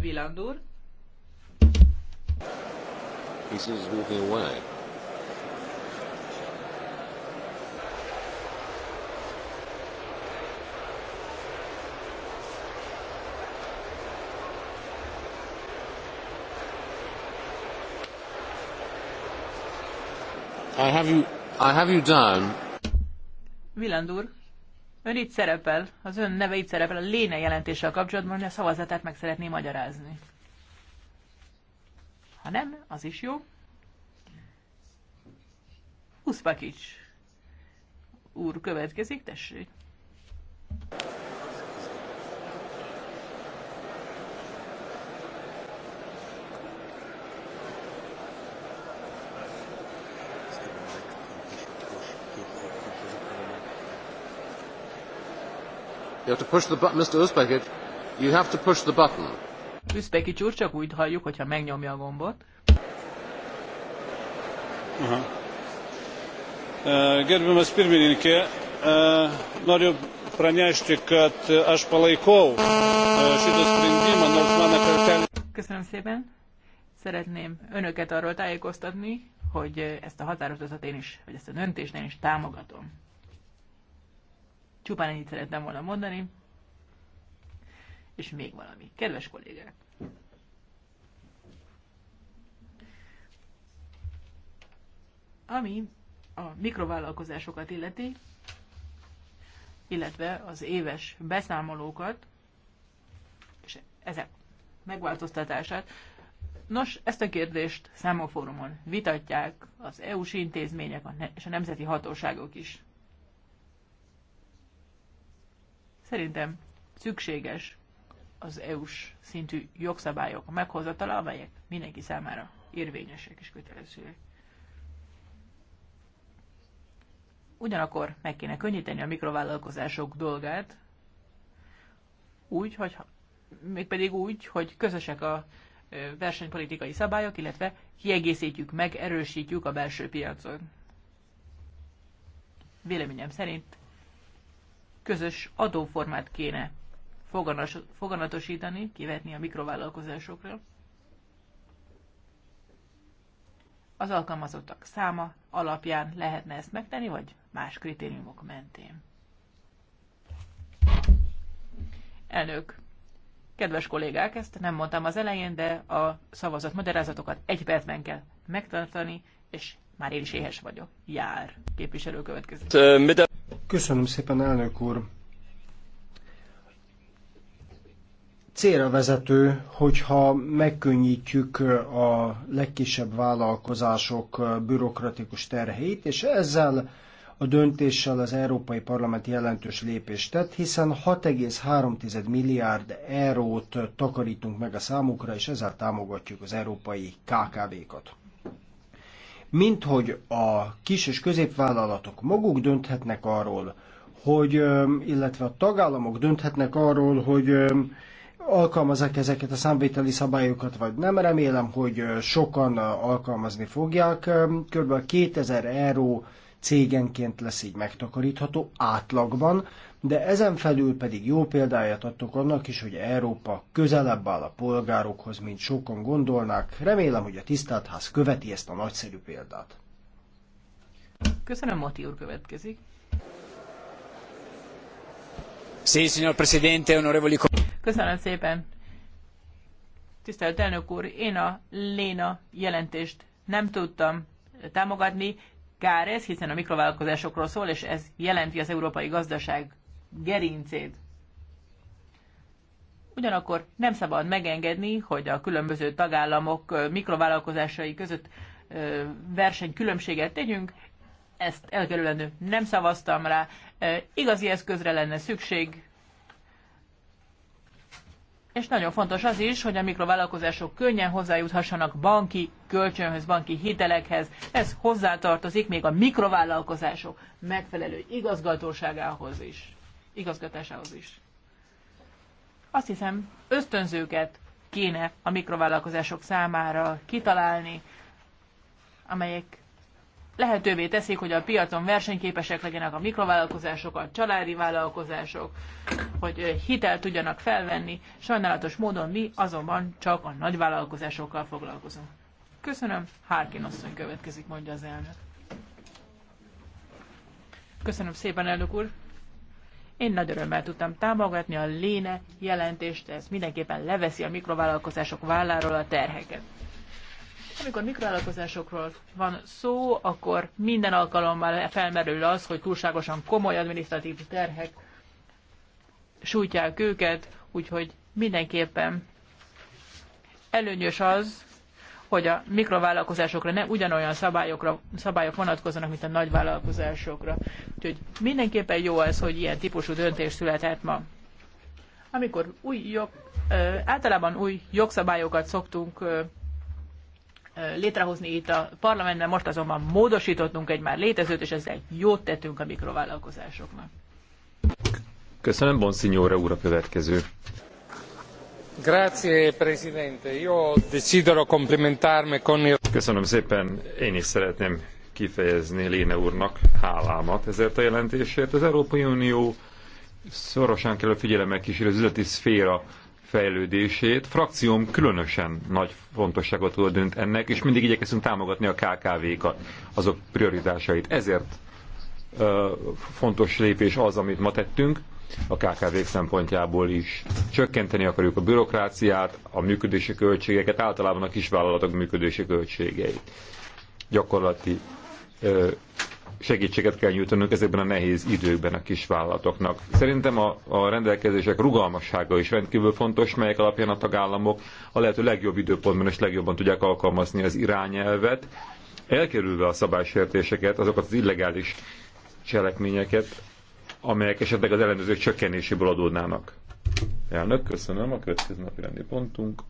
Viland úr. He seems moving away. I have you, I have you down. Viland úr, Ön itt szerepel, az ön neve itt szerepel a léne jelentéssel kapcsolatban, hogy a szavazatát meg szeretné magyarázni. Ha nem, az is jó. Uszpakics úr következik, tessék. You have to push the button, Mr. Uzbekic. You have to push the button. Uzbekic úr, csak úgy halljuk, hogyha megnyomja a gombot. Gerbiamas pirmininkė, noriu pranešti, kad aš palaikau šitą sprendimą, nors mano kartelė. Köszönöm szépen. Szeretném önöket arról tájékoztatni, hogy ezt a határozatot én is, vagy ezt a döntést én is támogatom. Csupán ennyit szerettem volna mondani. És még valami. Kedves kollégák! Ami a mikrovállalkozásokat illeti, illetve az éves beszámolókat, és ezek megváltoztatását. Nos, ezt a kérdést számofórumon vitatják az EU-s intézmények és a nemzeti hatóságok is. Szerintem szükséges az EU-s szintű jogszabályok meghozatala, amelyek mindenki számára érvényesek és kötelezőek. Ugyanakkor meg kéne könnyíteni a mikrovállalkozások dolgát, úgy, hogy mégpedig úgy, hogy közösek a versenypolitikai szabályok, illetve kiegészítjük meg, erősítjük a belső piacot. Véleményem szerint közös adóformát kéne foganas, foganatosítani, kivetni a mikrovállalkozásokra. Az alkalmazottak száma alapján lehetne ezt megtenni, vagy más kritériumok mentén. Elnök, kedves kollégák, ezt nem mondtam az elején, de a szavazat magyarázatokat egy percben kell megtartani, és már én is éhes vagyok. Jár. Képviselő következik. Köszönöm szépen, elnök úr. Célra vezető, hogyha megkönnyítjük a legkisebb vállalkozások bürokratikus terheit, és ezzel a döntéssel az Európai Parlament jelentős lépést tett, hiszen 6,3 milliárd eurót takarítunk meg a számukra, és ezzel támogatjuk az európai KKV-kat mint hogy a kis és középvállalatok maguk dönthetnek arról, hogy, illetve a tagállamok dönthetnek arról, hogy alkalmazzák ezeket a számvételi szabályokat, vagy nem. Remélem, hogy sokan alkalmazni fogják. Kb. 2000 euró cégenként lesz így megtakarítható átlagban, de ezen felül pedig jó példáját adtok annak is, hogy Európa közelebb áll a polgárokhoz, mint sokan gondolnák. Remélem, hogy a tisztelt ház követi ezt a nagyszerű példát. Köszönöm, Mati úr következik. Sí, signor Presidente, onorevoli... Köszönöm szépen. Tisztelt elnök úr, én a Léna jelentést nem tudtam támogatni, kár ez, hiszen a mikrovállalkozásokról szól, és ez jelenti az európai gazdaság gerincét. Ugyanakkor nem szabad megengedni, hogy a különböző tagállamok mikrovállalkozásai között versenykülönbséget tegyünk. Ezt elkerülendő nem szavaztam rá. Igazi eszközre lenne szükség, és nagyon fontos az is, hogy a mikrovállalkozások könnyen hozzájuthassanak banki kölcsönhöz, banki hitelekhez. Ez hozzátartozik még a mikrovállalkozások megfelelő igazgatóságához is igazgatásához is. Azt hiszem, ösztönzőket kéne a mikrovállalkozások számára kitalálni, amelyek lehetővé teszik, hogy a piacon versenyképesek legyenek a mikrovállalkozások, a családi vállalkozások, hogy hitelt tudjanak felvenni. Sajnálatos módon mi azonban csak a nagyvállalkozásokkal foglalkozunk. Köszönöm, Hárkin asszony következik, mondja az elnök. Köszönöm szépen, elnök úr. Én nagy örömmel tudtam támogatni a léne jelentést, ez mindenképpen leveszi a mikrovállalkozások válláról a terheket. Amikor mikrovállalkozásokról van szó, akkor minden alkalommal felmerül az, hogy túlságosan komoly adminisztratív terhek sújtják őket, úgyhogy mindenképpen előnyös az, hogy a mikrovállalkozásokra ne ugyanolyan szabályokra, szabályok vonatkozzanak, mint a nagyvállalkozásokra. Úgyhogy mindenképpen jó az, hogy ilyen típusú döntés született ma. Amikor új jog, általában új jogszabályokat szoktunk létrehozni itt a parlamentben, most azonban módosítottunk egy már létezőt, és ezzel jót tettünk a mikrovállalkozásoknak. Köszönöm, Bonsignore úr a következő. Köszönöm szépen, én is szeretném kifejezni lehne úrnak hálámat ezért a jelentésért. Az Európai Unió szorosan kell a figyelemmel kísérni az üzleti szféra fejlődését. Frakcióm különösen nagy fontosságot tulajdonít ennek, és mindig igyekeztünk támogatni a KKV-kat, azok prioritásait. Ezért fontos lépés az, amit ma tettünk a kkv szempontjából is. Csökkenteni akarjuk a bürokráciát, a működési költségeket, általában a kisvállalatok működési költségeit. Gyakorlati ö, segítséget kell nyújtanunk ezekben a nehéz időkben a kisvállalatoknak. Szerintem a, a rendelkezések rugalmassága is rendkívül fontos, melyek alapján a tagállamok a lehető legjobb időpontban és legjobban tudják alkalmazni az irányelvet, elkerülve a szabálysértéseket, azokat az illegális cselekményeket, amelyek esetleg az ellenőrzők csökkenéséből adódnának. Elnök, köszönöm. A következő napi rendi pontunk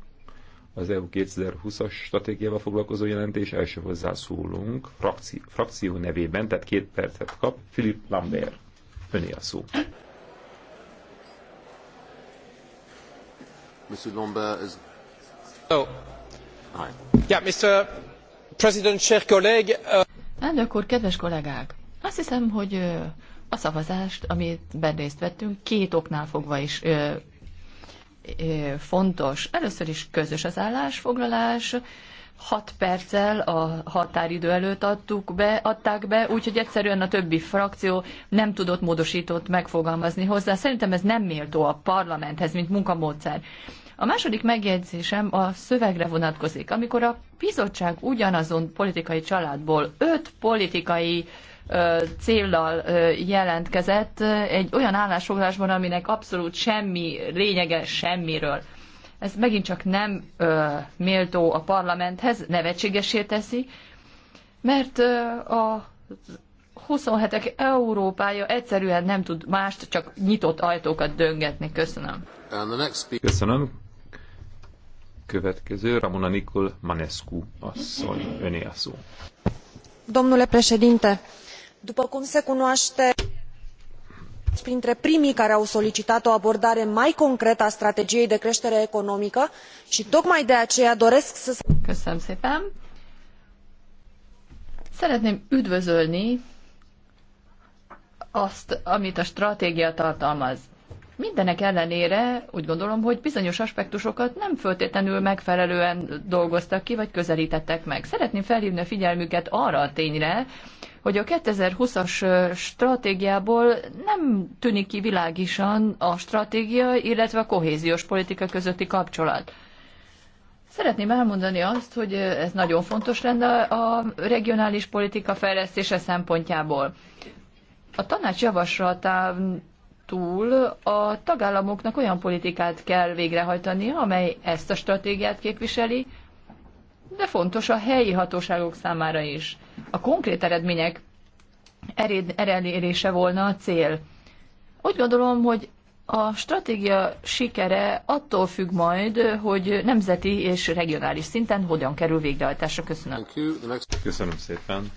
az EU 2020-as stratégiával foglalkozó jelentés első hozzászólunk frakció, frakció nevében, tehát két percet kap, Philip Lambert. Öné a szó. Mr. Lambert is... Oh. Hi. Yeah, Mr. President, cher collègue. Uh... Elnök úr, kedves kollégák! Azt hiszem, hogy a szavazást, amit részt vettünk, két oknál fogva is ö, ö, fontos. Először is közös az állásfoglalás, hat perccel a határidő előtt adtuk be, adták be, úgyhogy egyszerűen a többi frakció nem tudott módosítót megfogalmazni hozzá. Szerintem ez nem méltó a parlamenthez, mint munkamódszer. A második megjegyzésem a szövegre vonatkozik. Amikor a bizottság ugyanazon politikai családból öt politikai uh, céllal jelentkezett egy olyan állásfoglalásban, aminek abszolút semmi lényege semmiről. Ez megint csak nem méltó a parlamenthez, nevetségesé teszi, mert a 27-ek Európája egyszerűen nem tud mást, csak nyitott ajtókat döngetni. Köszönöm. Köszönöm. Következő Ramona Nicol Manescu asszony. Öné a szó. Domnule președinte, după cum se cunoate printre primii care au solicitat o abordare mai concretă a strategiei de cretere economică i tocmai de aceea doresc să Szeretném üdvözölni azt, amit a stratégia tartalmaz. Mindenek ellenére úgy gondolom, hogy bizonyos aspektusokat nem föltétlenül megfelelően dolgoztak ki, vagy közelítettek meg. Szeretném felhívni a figyelmüket arra a tényre, hogy a 2020-as stratégiából nem tűnik ki világisan a stratégia, illetve a kohéziós politika közötti kapcsolat. Szeretném elmondani azt, hogy ez nagyon fontos lenne a regionális politika fejlesztése szempontjából. A tanács javaslatán túl a tagállamoknak olyan politikát kell végrehajtani, amely ezt a stratégiát képviseli, de fontos a helyi hatóságok számára is. A konkrét eredmények elérése volna a cél. Úgy gondolom, hogy a stratégia sikere attól függ majd, hogy nemzeti és regionális szinten hogyan kerül végrehajtásra. Köszönöm. Köszönöm szépen.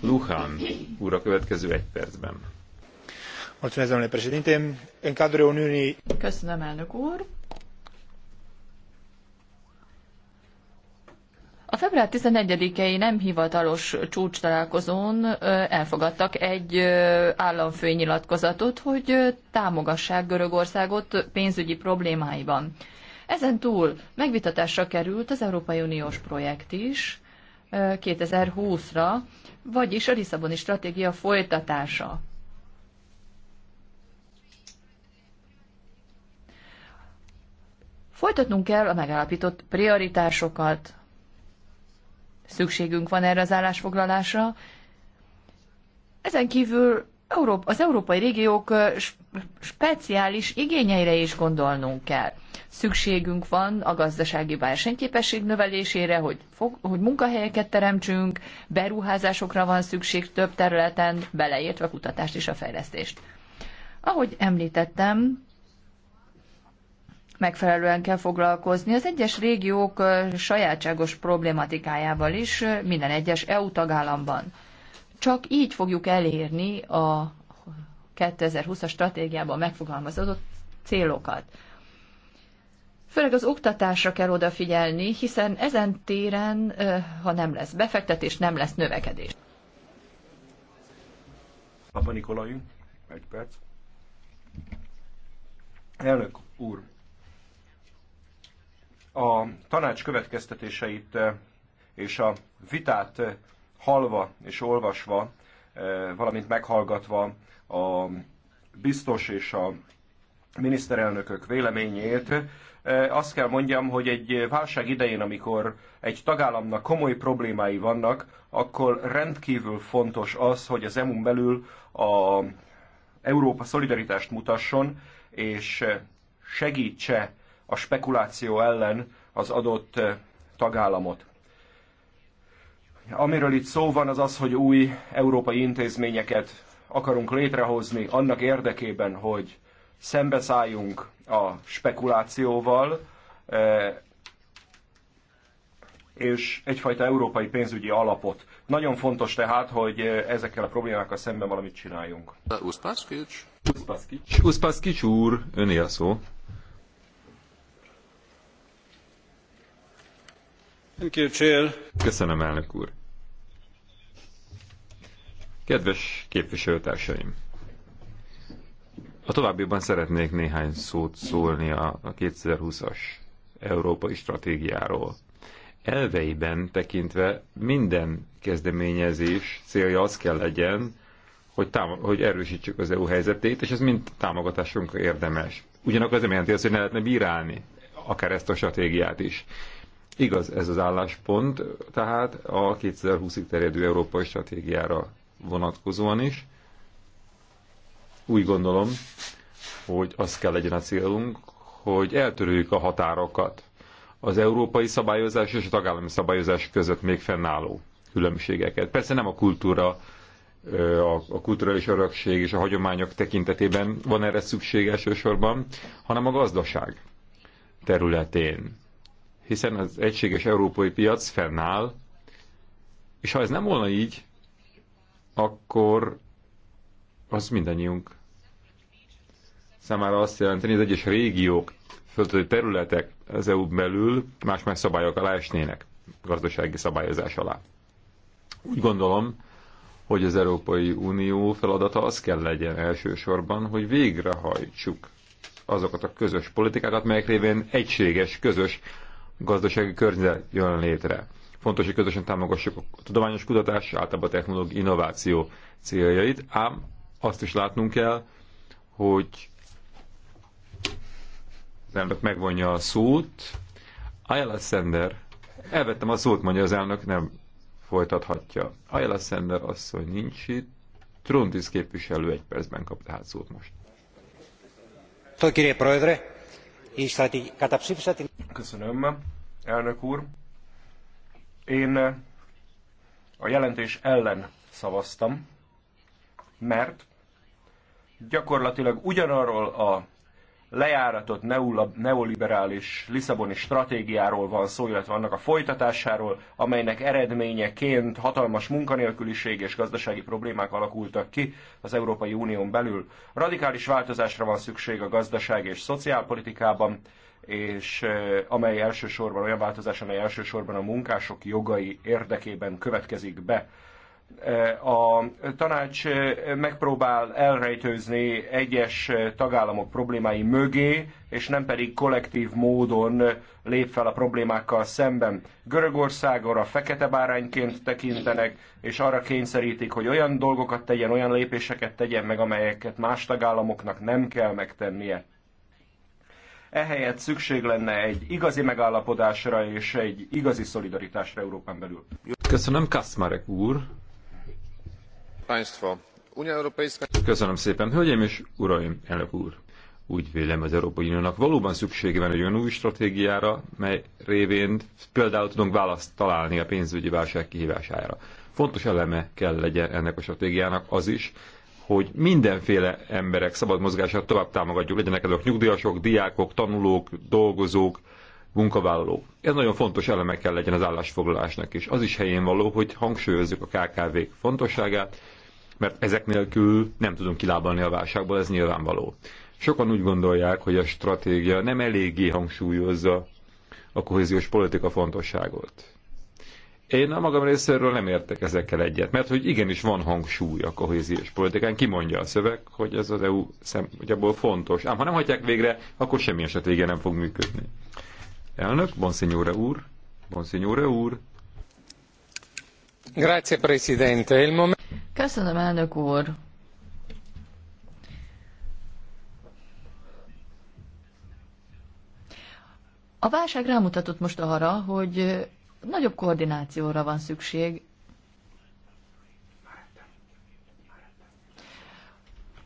Luhan úr a következő egy percben. Köszönöm, elnök úr. február 11-i nem hivatalos csúcs találkozón elfogadtak egy államfői nyilatkozatot, hogy támogassák Görögországot pénzügyi problémáiban. Ezen túl megvitatásra került az Európai Uniós projekt is 2020-ra, vagyis a Lisszaboni stratégia folytatása. Folytatnunk kell a megállapított prioritásokat, Szükségünk van erre az állásfoglalásra. Ezen kívül az európai régiók speciális igényeire is gondolnunk kell. Szükségünk van a gazdasági versenyképesség növelésére, hogy, fog, hogy munkahelyeket teremtsünk, beruházásokra van szükség több területen, beleértve a kutatást és a fejlesztést. Ahogy említettem, megfelelően kell foglalkozni. Az egyes régiók sajátságos problématikájával is minden egyes EU tagállamban. Csak így fogjuk elérni a 2020-as stratégiában megfogalmazott célokat. Főleg az oktatásra kell odafigyelni, hiszen ezen téren, ha nem lesz befektetés, nem lesz növekedés. Papa Nikolai, egy perc. Elnök úr, a tanács következtetéseit eh, és a vitát eh, halva és olvasva, eh, valamint meghallgatva a biztos és a miniszterelnökök véleményét, azt kell mondjam, hogy egy válság idején, amikor egy tagállamnak komoly problémái vannak, akkor rendkívül fontos az, hogy az EMU-n belül a Európa szolidaritást mutasson, és segítse a spekuláció ellen az adott eh, tagállamot. Amiről itt szó van, az az, hogy új európai intézményeket akarunk létrehozni annak érdekében, hogy szembeszálljunk a spekulációval, eh, és egyfajta európai pénzügyi alapot. Nagyon fontos tehát, hogy eh, ezekkel a problémákkal szemben valamit csináljunk. Uspaszkics. Uspaszkics. Uspaszkics úr, öné a szó. Köszönöm, elnök úr. Kedves képviselőtársaim! A továbbiban szeretnék néhány szót szólni a 2020-as európai stratégiáról. Elveiben tekintve minden kezdeményezés célja az kell legyen, hogy, támog- hogy erősítsük az EU helyzetét, és ez mind támogatásunkra érdemes. Ugyanakkor ez nem jelenti azt, hogy ne lehetne bírálni akár ezt a stratégiát is. Igaz ez az álláspont, tehát a 2020-ig terjedő európai stratégiára vonatkozóan is. Úgy gondolom, hogy az kell legyen a célunk, hogy eltörőjük a határokat az európai szabályozás és a tagállami szabályozás között még fennálló különbségeket. Persze nem a kultúra, a kulturális örökség és a hagyományok tekintetében van erre szükség elsősorban, hanem a gazdaság területén hiszen az egységes európai piac fennáll, és ha ez nem volna így, akkor az mindannyiunk számára azt jelenti, hogy az egyes régiók, földi területek az eu belül más-más szabályok alá esnének, gazdasági szabályozás alá. Úgy gondolom, hogy az Európai Unió feladata az kell legyen elsősorban, hogy végrehajtsuk azokat a közös politikákat, melyek révén egységes, közös gazdasági környezet jön létre. Fontos, hogy közösen támogassuk a tudományos kutatás, általában a technológiai innováció céljait, ám azt is látnunk kell, hogy az elnök megvonja a szót. Ayala Sender, elvettem a szót, mondja az elnök, nem folytathatja. Ayala Sender asszony nincs itt, Trundis képviselő egy percben kap tehát szót most. Proedre, Köszönöm, elnök úr. Én a jelentés ellen szavaztam, mert gyakorlatilag ugyanarról a lejáratott neoliberális Lisszaboni stratégiáról van szó, illetve annak a folytatásáról, amelynek eredményeként hatalmas munkanélküliség és gazdasági problémák alakultak ki az Európai Unión belül. Radikális változásra van szükség a gazdaság és szociálpolitikában, és eh, amely elsősorban olyan változás, amely elsősorban a munkások jogai érdekében következik be a tanács megpróbál elrejtőzni egyes tagállamok problémái mögé, és nem pedig kollektív módon lép fel a problémákkal szemben. Görögországra fekete bárányként tekintenek, és arra kényszerítik, hogy olyan dolgokat tegyen, olyan lépéseket tegyen meg, amelyeket más tagállamoknak nem kell megtennie. Ehelyett szükség lenne egy igazi megállapodásra és egy igazi szolidaritásra Európán belül. Köszönöm, Kaszmarek úr! Köszönöm szépen. Hölgyeim és uraim, elnök úr! Úgy vélem az Európai Uniónak valóban szüksége van egy olyan új stratégiára, mely révén például tudunk választ találni a pénzügyi válság kihívására. Fontos eleme kell legyen ennek a stratégiának az is, hogy mindenféle emberek szabad mozgását tovább támogatjuk, legyenek ezek nyugdíjasok, diákok, tanulók, dolgozók, munkavállalók. Ez nagyon fontos eleme kell legyen az állásfoglalásnak is. Az is helyén való, hogy hangsúlyozzuk a KKV-k fontosságát, mert ezek nélkül nem tudunk kilábalni a válságból, ez nyilvánvaló. Sokan úgy gondolják, hogy a stratégia nem eléggé hangsúlyozza a kohéziós politika fontosságot. Én a magam részéről nem értek ezekkel egyet, mert hogy igenis van hangsúly a kohéziós politikán, kimondja a szöveg, hogy ez az EU szempontjából fontos. Ám ha nem hagyják végre, akkor semmi esetvége nem fog működni. Elnök, Bonsignore úr, Bonsignore úr. Grazie, Presidente. Il Köszönöm, elnök úr. A válság rámutatott most arra, hogy nagyobb koordinációra van szükség.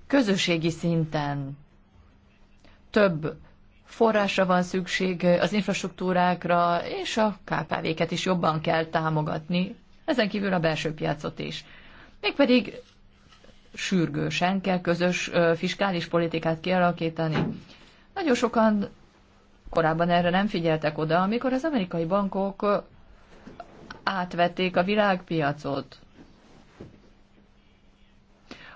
Közösségi szinten több forrásra van szükség az infrastruktúrákra, és a KKV-ket is jobban kell támogatni, ezen kívül a belső piacot is. Mégpedig sürgősen kell közös fiskális politikát kialakítani. Nagyon sokan korábban erre nem figyeltek oda, amikor az amerikai bankok átvették a világpiacot.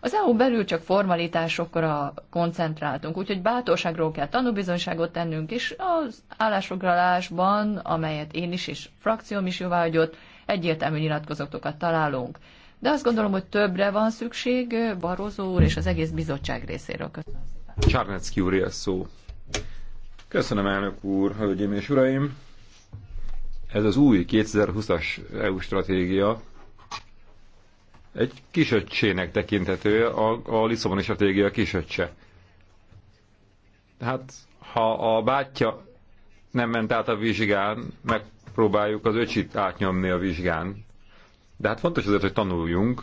Az EU belül csak formalitásokra koncentráltunk, úgyhogy bátorságról kell tanúbizonyságot tennünk, és az állásfoglalásban, amelyet én is és frakcióm is jóváhagyott, egyértelmű nyilatkozatokat találunk de azt gondolom, hogy többre van szükség barozó úr és az egész bizottság részéről. Csarnecki úr, a szó. Köszönöm, elnök úr, hölgyeim és uraim. Ez az új 2020-as EU stratégia egy kisöccsének tekinthető, a, a Lisszaboni stratégia kisöccse. Tehát ha a bátyja nem ment át a vizsgán, megpróbáljuk az öcsit átnyomni a vizsgán. De hát fontos azért, hogy tanuljunk.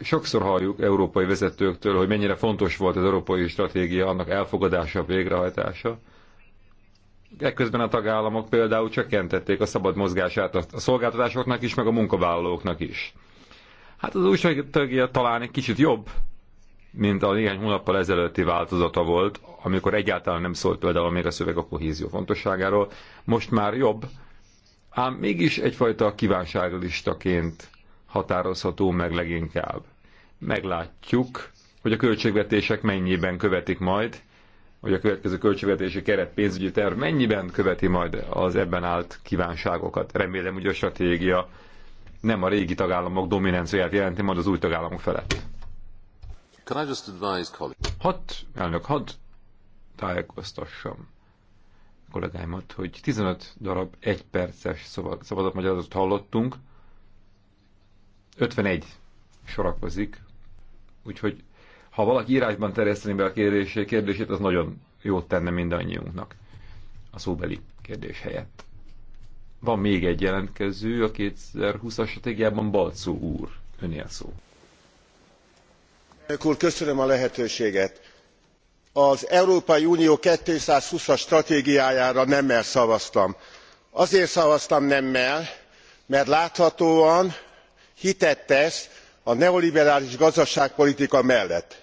Sokszor halljuk európai vezetőktől, hogy mennyire fontos volt az európai stratégia, annak elfogadása, végrehajtása. Ekközben a tagállamok például csökkentették a szabad mozgását a szolgáltatásoknak is, meg a munkavállalóknak is. Hát az új stratégia talán egy kicsit jobb, mint a néhány hónappal ezelőtti változata volt, amikor egyáltalán nem szólt például még a szöveg a kohézió fontosságáról. Most már jobb, ám mégis egyfajta kívánságlistaként határozható meg leginkább. Meglátjuk, hogy a költségvetések mennyiben követik majd, hogy a következő költségvetési keret pénzügyi terv mennyiben követi majd az ebben állt kívánságokat. Remélem, hogy a stratégia nem a régi tagállamok dominanciáját jelenti majd az új tagállamok felett. Hat, Hadd, elnök, hadd tájékoztassam kollégáimat, hogy 15 darab perces szabadat magyarázatot hallottunk, 51 sorakozik, úgyhogy ha valaki írásban terjeszteni be a kérdését, kérdését az nagyon jót tenne mindannyiunknak a szóbeli kérdés helyett. Van még egy jelentkező, a 2020-as stratégiában Balcó úr. Önél szó. Elnök úr, köszönöm a lehetőséget az európai unió two thousand and twenty as stratégiájára nemmel szavaztam. azért szavaztam nemmel mert láthatóan hitet tesz a neoliberális gazdaságpolitika mellett.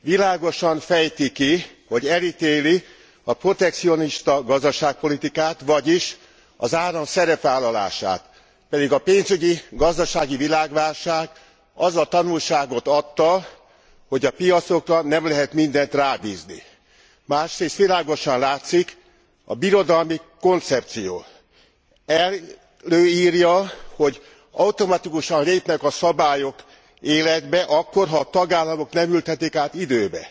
világosan fejti ki hogy eltéli a protekcionista gazdaságpolitikát vagyis az állam szerepvállalását pedig a pénzügyi gazdasági világválság az a tanulságot adta hogy a piacokra nem lehet mindent rábzni. másrészt világosan látszik a birodalmi koncepció előrja hogy automatikusan lépnek a szabályok életbe akkor ha a tagállamok nem ültetik át időbe.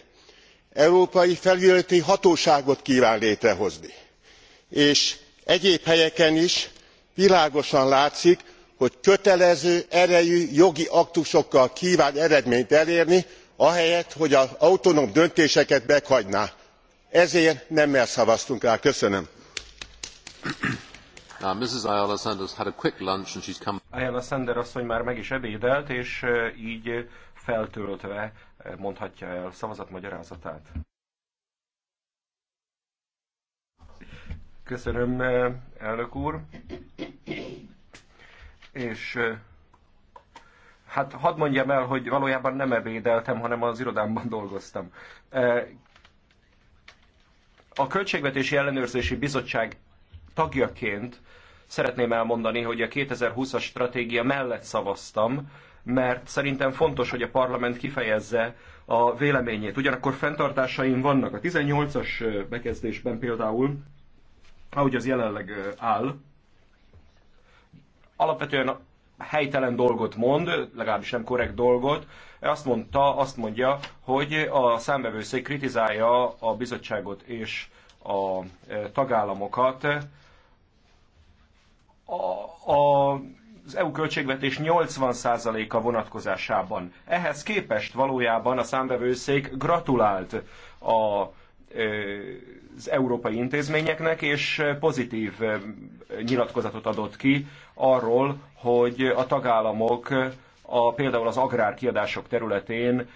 európai felügyeleti hatóságot kván létrehozni és egyéb helyeken is világosan látszik hogy kötelező erejű jogi aktusokkal kván eredményt elérni ahelyett hogy az autonóm döntéseket meghagyná. ezért nemmel szavaztunk rá. köszönöm. ayala sender asszony már meg is ebédelt és gy feltöltve mondhatja el szavazatmagyarázatát. Köszönöm, elnök úr. És Hát hadd mondjam el, hogy valójában nem ebédeltem, hanem az irodámban dolgoztam. E, a Költségvetési Ellenőrzési Bizottság tagjaként szeretném elmondani, hogy a 2020-as stratégia mellett szavaztam, mert szerintem fontos, hogy a parlament kifejezze a véleményét. Ugyanakkor fenntartásaim vannak. A 18-as bekezdésben például, ahogy az jelenleg áll, alapvetően helytelen dolgot mond, legalábbis nem korrekt dolgot. Azt mondta, azt mondja, hogy a számbevőszék kritizálja a bizottságot és a e, tagállamokat. A, a az EU költségvetés 80%-a vonatkozásában. Ehhez képest valójában a számbevőszék gratulált a e, az európai intézményeknek, és pozitív eh, nyilatkozatot adott ki arról, hogy a tagállamok eh, a, például az agrárkiadások területén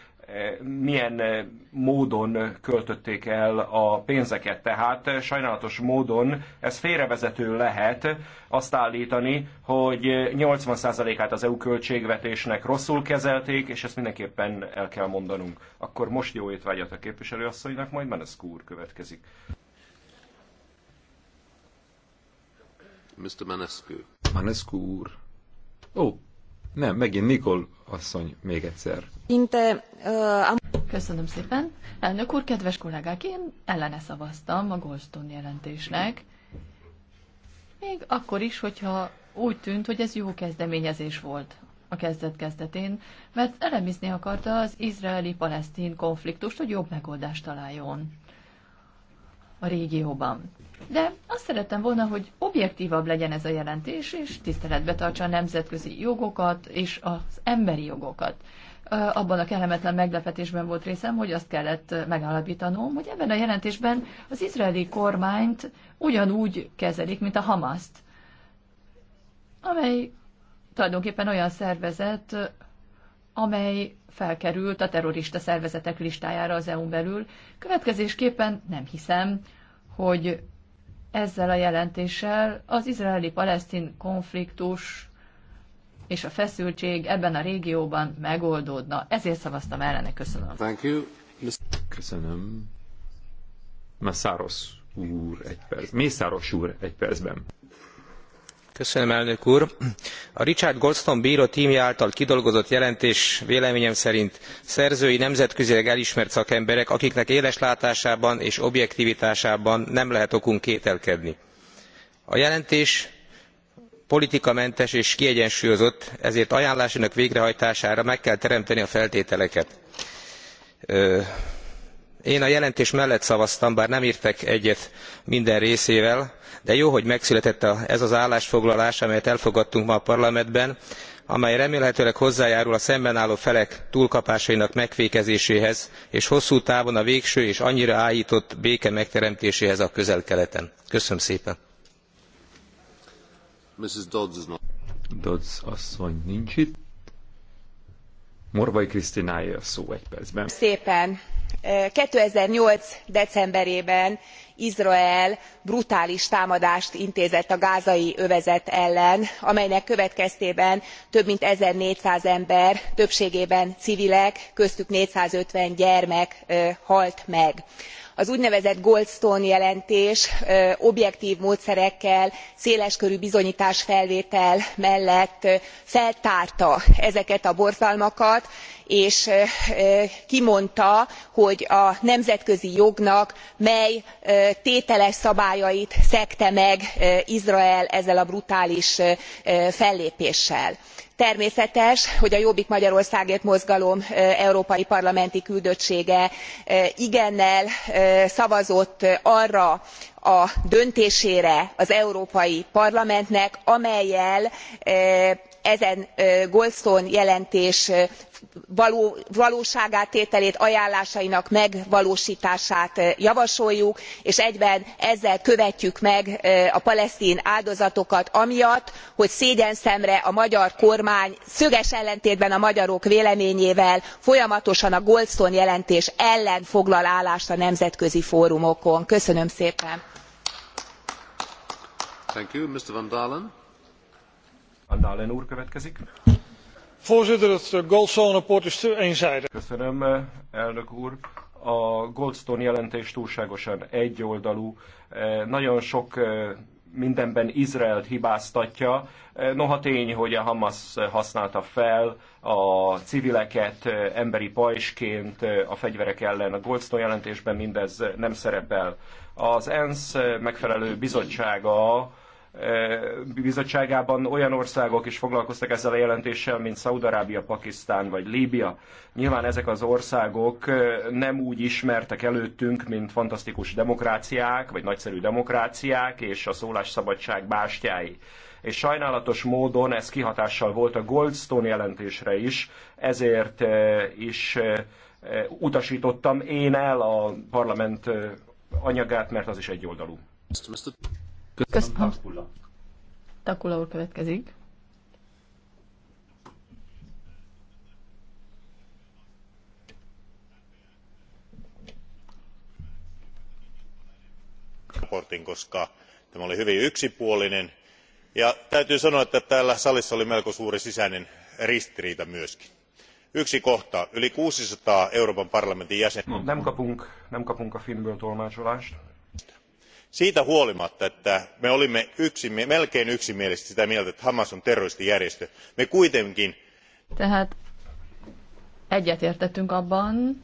milyen módon költötték el a pénzeket. Tehát sajnálatos módon ez félrevezető lehet azt állítani, hogy 80%-át az EU költségvetésnek rosszul kezelték, és ezt mindenképpen el kell mondanunk. Akkor most jó étvágyat a képviselőasszonynak, majd Meneszkú úr következik. Mr. Manescu. Manescu úr. Ó, nem, megint Nikol asszony még egyszer. Köszönöm szépen. Elnök úr, kedves kollégák, én ellene szavaztam a Goldstone jelentésnek. Még akkor is, hogyha úgy tűnt, hogy ez jó kezdeményezés volt a kezdet-kezdetén, mert elemizni akarta az izraeli-palesztin konfliktust, hogy jobb megoldást találjon a régióban. De azt szerettem volna, hogy objektívabb legyen ez a jelentés, és tiszteletbe tartsa a nemzetközi jogokat és az emberi jogokat. Abban a kellemetlen meglepetésben volt részem, hogy azt kellett megállapítanom, hogy ebben a jelentésben az izraeli kormányt ugyanúgy kezelik, mint a Hamaszt, amely tulajdonképpen olyan szervezet, amely felkerült a terrorista szervezetek listájára az EU-n belül. Következésképpen nem hiszem, hogy ezzel a jelentéssel az izraeli-palesztin konfliktus és a feszültség ebben a régióban megoldódna. Ezért szavaztam ellene. Köszönöm. Thank you. Köszönöm. Mészáros úr egy perc. Mészáros úr egy percben a richard goldstone bró tmje által kidolgozott jelentés véleményem szerint szerzői nemzetközileg elismert szakemberek akiknek éles látásában és objektivitásában nem lehet okunk kételkedni. a jelentés politikamentes és kiegyensúlyozott ezért ajánlásának végrehajtására meg kell teremteni a feltételeket én a jelentés mellett szavaztam bár nem értek egyet minden részével de jó hogy megszületett ez az állásfoglalás amelyet elfogadtunk ma a parlamentben amely remélhetőleg hozzájárul a szemben álló felek túlkapásainak megfékezéséhez és hosszú távon a végső és annyira áhtott béke megteremtéséhez a közel keleten. köszönöm szépen! Dodds asszony nincs itt. Morvai Krisztinája szó egy percben. Szépen two thousand and eight decemberében izrael brutális támadást intézett a gázai övezet ellen amelynek következtében több mint one four hundred ember többségében civilek köztük four hundred and fifty gyermek halt meg. az úgynevezett goldstone jelentés objektv módszerekkel széleskörű bizonytásfelvétel mellett feltárta ezeket a borzalmakat és kimondta hogy a nemzetközi jognak mely tételes szabályait szegte meg izrael ezzel a brutális fellépéssel. természetes hogy a jobbik magyarországért mozgalom európai parlamenti küldöttsége igennel szavazott arra a döntésére az európai parlamentnek amellyel ezen goldstone jelentés valósággá tételét ajánlásainak megvalóstását javasoljuk és egyben ezzel követjük meg a palesztin áldozatokat amiatt hogy szégyenszemre a magyar kormány szöges ellentétben a magyarok véleményével folyamatosan a goldstone jelentés ellen foglal állást a nemzetközi fórumokon. köszönöm szépen! úr következik. Voorzitter, het eh, Goldstone-rapport is te eenzijdig. Köszönöm, eh, elnök úr a Goldstone jelentés túlságosan egyoldalú, eh, nagyon sok mindenben Izraelt hibáztatja. Noha tény, hogy a Hamas használta fel a civileket emberi pajsként a fegyverek ellen. A Goldstone jelentésben mindez nem szerepel. Az ENSZ megfelelő bizottsága Eh, bizottságában olyan országok is foglalkoztak ezzel a jelentéssel, mint Szaudarábia, Pakisztán vagy Líbia. Nyilván ezek az országok eh, nem úgy ismertek előttünk, mint fantasztikus demokráciák, vagy nagyszerű demokráciák, és a szólásszabadság bástyái és sajnálatos módon ez kihatással volt a Goldstone jelentésre is, ezért eh, is utasítottam én el a parlament anyagát, mert az is egyoldalú. Köszönöm, Köszönöm. Takula. Takula úr következik. raportin koska tämä oli hyvin yksipuolinen ja täytyy sanoa että täällä salissa oli melko suuri sisäinen ristiriita myöskin. yksi kohta yli 600 euroopan parlamentin jäsen... jäsentä siitä huolimatta että me olimme melkein yksimielisesti sitä mieltä että hamas on terroristijärjestö me kuitenkin tehát egyetértettünk abban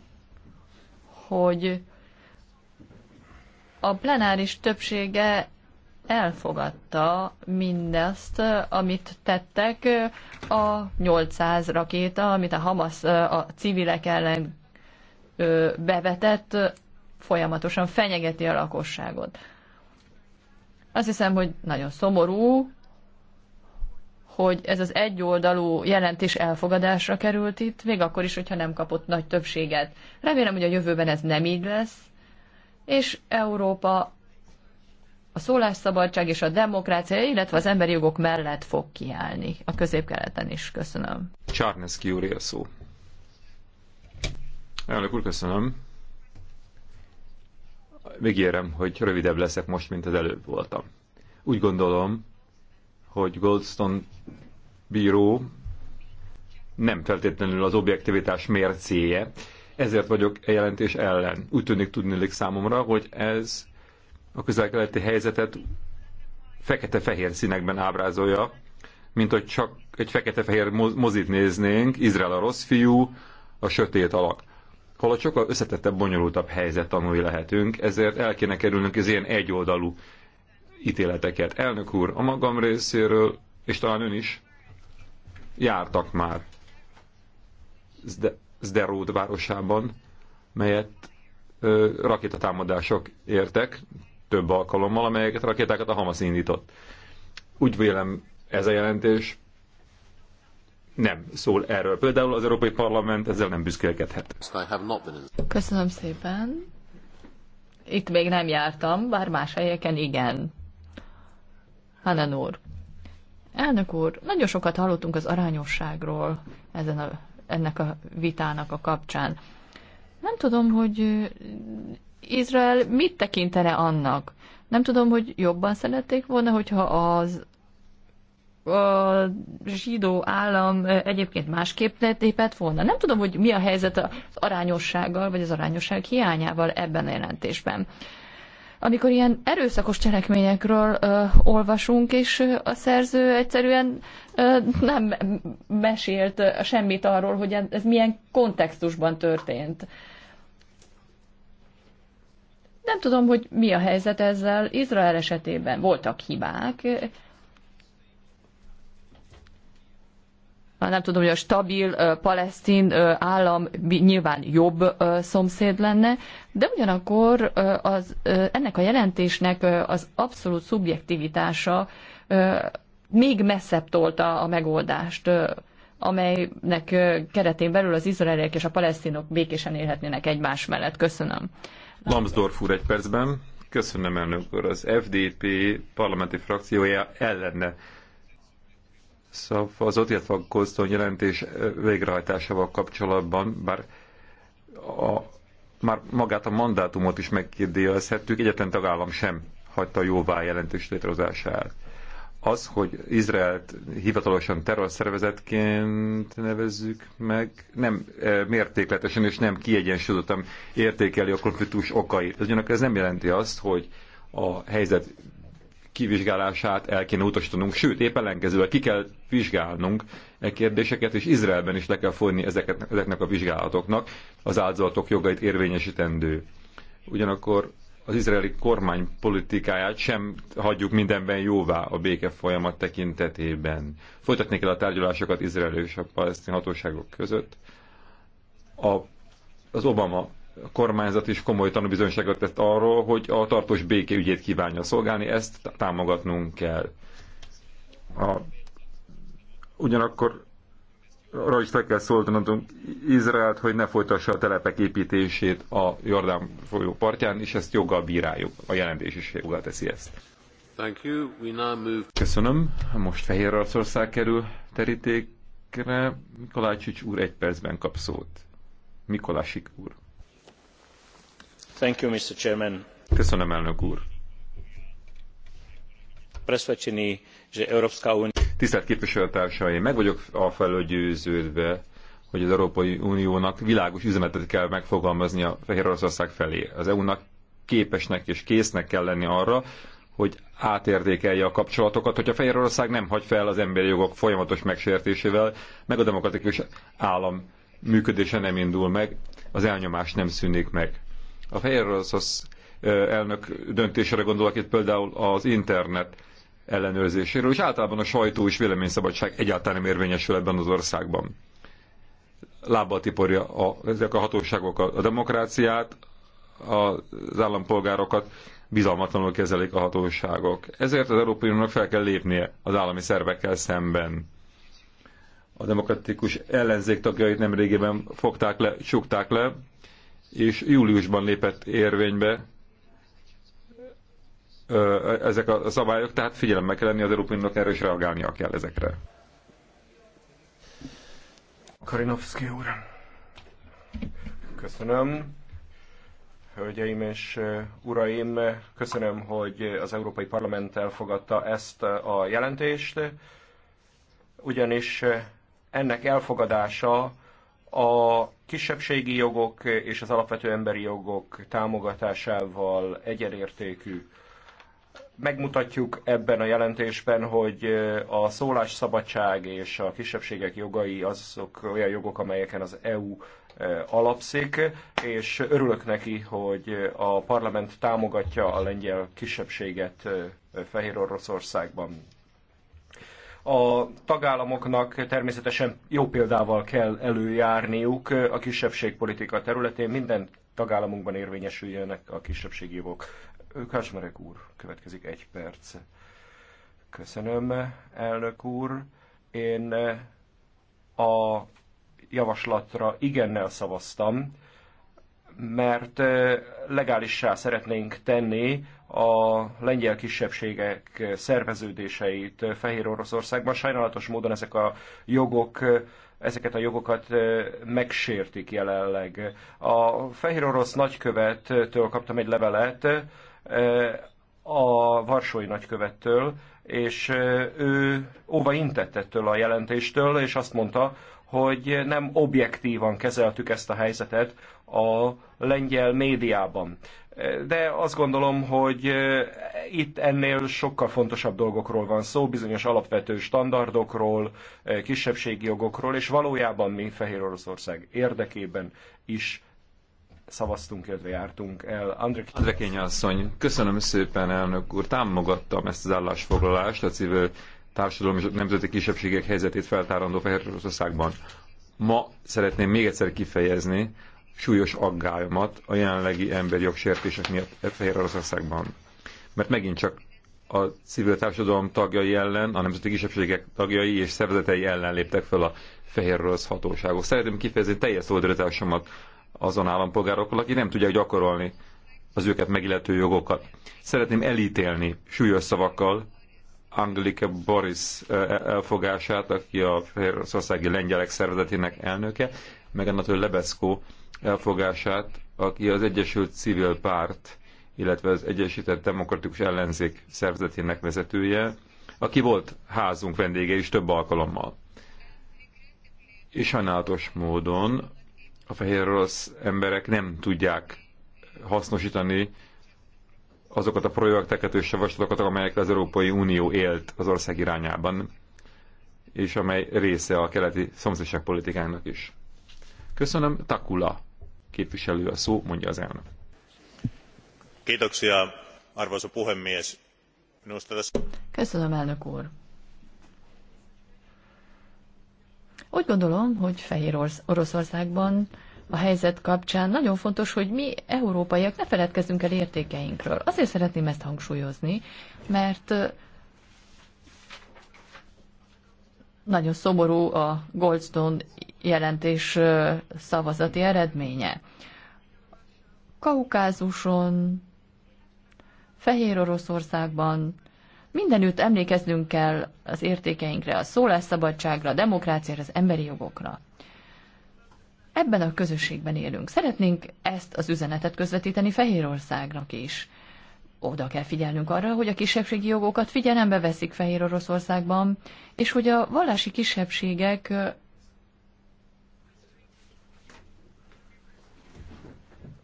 hogy a plenáris többsége elfogadta mindezt, amit tettek, a 800 rakéta, amit a Hamas a civilek ellen bevetett, folyamatosan fenyegeti a lakosságot. Azt hiszem, hogy nagyon szomorú, hogy ez az egyoldalú jelentés elfogadásra került itt, még akkor is, hogyha nem kapott nagy többséget. Remélem, hogy a jövőben ez nem így lesz, és Európa a szólásszabadság és a demokrácia, illetve az emberi jogok mellett fog kiállni. A középkeleten is. Köszönöm. Csárneszki úr a szó. Elnök úr, köszönöm. Megérem, hogy rövidebb leszek most, mint az előbb voltam. Úgy gondolom, hogy Goldstone bíró nem feltétlenül az objektivitás mércéje, ezért vagyok a e jelentés ellen. Úgy tűnik tudni számomra, hogy ez a közelkeleti helyzetet fekete-fehér színekben ábrázolja, mint hogy csak egy fekete-fehér mozit néznénk, Izrael a rossz fiú, a sötét alak. Hol a sokkal összetettebb, bonyolultabb helyzet tanulni lehetünk, ezért el kéne kerülnünk az ilyen egyoldalú ítéleteket. Elnök úr, a magam részéről, és talán ön is, jártak már Zderód városában, melyet ö, rakétatámadások értek több alkalommal, amelyeket rakétákat a Hamas indított. Úgy vélem, ez a jelentés nem szól erről. Például az Európai Parlament ezzel nem büszkélkedhet. Köszönöm szépen. Itt még nem jártam, bár más helyeken igen. Hanen úr. Elnök úr, nagyon sokat hallottunk az arányosságról ezen a, ennek a vitának a kapcsán. Nem tudom, hogy Izrael mit tekintene annak. Nem tudom, hogy jobban szerették volna, hogyha az a zsidó állam egyébként másképp lépett volna. Nem tudom, hogy mi a helyzet az arányossággal, vagy az arányosság hiányával ebben a jelentésben. Amikor ilyen erőszakos cselekményekről ö, olvasunk, és a szerző egyszerűen ö, nem mesélt semmit arról, hogy ez milyen kontextusban történt. Nem tudom, hogy mi a helyzet ezzel. Izrael esetében voltak hibák, nem tudom, hogy a stabil palesztin állam nyilván jobb szomszéd lenne, de ugyanakkor az, ennek a jelentésnek az abszolút szubjektivitása még messzebb tolta a megoldást, amelynek keretén belül az izraeliek és a palesztinok békésen élhetnének egymás mellett. Köszönöm. Lambsdorff úr egy percben. Köszönöm, elnök úr. Az FDP parlamenti frakciója ellenne Szóval az a Goldstone jelentés végrehajtásával kapcsolatban, bár a, már magát a mandátumot is megkérdőjelezhettük, egyetlen tagállam sem hagyta jóvá jelentős létrehozását. Az, hogy Izraelt hivatalosan terrorszervezetként nevezzük meg, nem mértékletesen és nem kiegyensúlyozottan értékeli a konfliktus okait. Ez, ez nem jelenti azt, hogy a helyzet kivizsgálását el kéne utasítanunk, sőt, épp ellenkezőleg ki kell vizsgálnunk e kérdéseket, és Izraelben is le kell folyni ezeket, ezeknek a vizsgálatoknak az áldozatok jogait érvényesítendő. Ugyanakkor az izraeli kormány politikáját sem hagyjuk mindenben jóvá a béke folyamat tekintetében. Folytatni kell a tárgyalásokat Izrael és a palesztin hatóságok között. A, az Obama a kormányzat is komoly tanúbizonyságot tett arról, hogy a tartós béke ügyét kívánja szolgálni, ezt támogatnunk kell. A, ugyanakkor arra is le kell szólítanunk Izraelt, hogy ne folytassa a telepek építését a Jordán folyó partján, és ezt joggal bíráljuk. A jelentés is joggal teszi ezt. Thank you. We now move... Köszönöm. Most Fehér Arcország kerül terítékre. Mikolácsics úr egy percben kap szót. Mikolásik úr. Tisztelt képviselőtársaim, meg vagyok afelől győződve, hogy az Európai Uniónak világos üzenetet kell megfogalmaznia a Fehér felé. Az EU-nak képesnek és késznek kell lenni arra, hogy átértékelje a kapcsolatokat, hogyha Fehérország nem hagy fel az emberi jogok folyamatos megsértésével, meg a demokratikus állam működése nem indul meg, az elnyomás nem szűnik meg. A Fejerrosos elnök döntésére gondolok itt például az internet ellenőrzéséről, és általában a sajtó és véleményszabadság egyáltalán nem érvényesül ebben az országban. Lábbal tiporja a, ezek a hatóságok a, a demokráciát, az állampolgárokat, bizalmatlanul kezelik a hatóságok. Ezért az Európai Uniónak fel kell lépnie az állami szervekkel szemben. A demokratikus ellenzék tagjait nemrégében fogták le, csukták le, és júliusban lépett érvénybe ezek a szabályok, tehát figyelembe kell lenni az Európai Uniónak erre, és reagálnia kell ezekre. Karinovszki úr. Köszönöm. Hölgyeim és uraim, köszönöm, hogy az Európai Parlament elfogadta ezt a jelentést, ugyanis ennek elfogadása a kisebbségi jogok és az alapvető emberi jogok támogatásával egyenértékű. Megmutatjuk ebben a jelentésben, hogy a szólásszabadság és a kisebbségek jogai azok olyan jogok, amelyeken az EU alapszik, és örülök neki, hogy a parlament támogatja a lengyel kisebbséget Fehér Oroszországban. A tagállamoknak természetesen jó példával kell előjárniuk a kisebbségpolitika területén, minden tagállamunkban érvényesüljenek a kisebbségi jogok. Kacsmerek úr, következik egy perc. Köszönöm, elnök úr. Én a javaslatra igennel szavaztam, mert legálissá szeretnénk tenni a lengyel kisebbségek szerveződéseit Fehér Oroszországban. Sajnálatos módon ezek a jogok ezeket a jogokat megsértik jelenleg. A fehér orosz nagykövettől kaptam egy levelet, a Varsói nagykövettől, és ő óva intetettől a jelentéstől, és azt mondta, hogy nem objektívan kezeltük ezt a helyzetet a lengyel médiában de azt gondolom, hogy itt ennél sokkal fontosabb dolgokról van szó, bizonyos alapvető standardokról, kisebbségi jogokról, és valójában mi Fehér Oroszország érdekében is szavaztunk, illetve jártunk el. André Andrekény asszony, köszönöm szépen, elnök úr, támogattam ezt az állásfoglalást a civil társadalom és nemzeti kisebbségek helyzetét feltárandó Fehér Oroszországban. Ma szeretném még egyszer kifejezni, súlyos aggályomat a jelenlegi emberi jogsértések miatt e Fehér Oroszországban. Mert megint csak a civil társadalom tagjai ellen, a nemzeti kisebbségek tagjai és szervezetei ellen léptek fel a fehér orosz hatóságok. Szeretném kifejezni teljes szolidaritásomat azon állampolgárokkal, akik nem tudják gyakorolni az őket megillető jogokat. Szeretném elítélni súlyos szavakkal Anglike Boris e, e, elfogását, aki a Oroszországi Lengyelek Szervezetének elnöke, meg hogy Lebeszkó, elfogását, aki az Egyesült Civil Párt, illetve az Egyesített Demokratikus Ellenzék szervezetének vezetője, aki volt házunk vendége is több alkalommal. És sajnálatos módon a fehér orosz emberek nem tudják hasznosítani azokat a projekteket és javaslatokat, amelyek az Európai Unió élt az ország irányában, és amely része a keleti szomszédságpolitikának is. Köszönöm, Takula képviselő a szó, mondja az elnök. Kiitoksia, arvoisa puhemies. Minusta tässä... Köszönöm, elnök úr. Úgy gondolom, hogy Fehér Orsz- Oroszországban a helyzet kapcsán nagyon fontos, hogy mi európaiak ne feledkezzünk el értékeinkről. Azért szeretném ezt hangsúlyozni, mert Nagyon szomorú a Goldstone jelentés szavazati eredménye. Kaukázuson, Fehér Oroszországban, mindenütt emlékeznünk kell az értékeinkre, a szólásszabadságra, a demokráciára, az emberi jogokra. Ebben a közösségben élünk. Szeretnénk ezt az üzenetet közvetíteni Fehérországnak is oda kell figyelnünk arra, hogy a kisebbségi jogokat figyelembe veszik Fehér Oroszországban, és hogy a vallási kisebbségek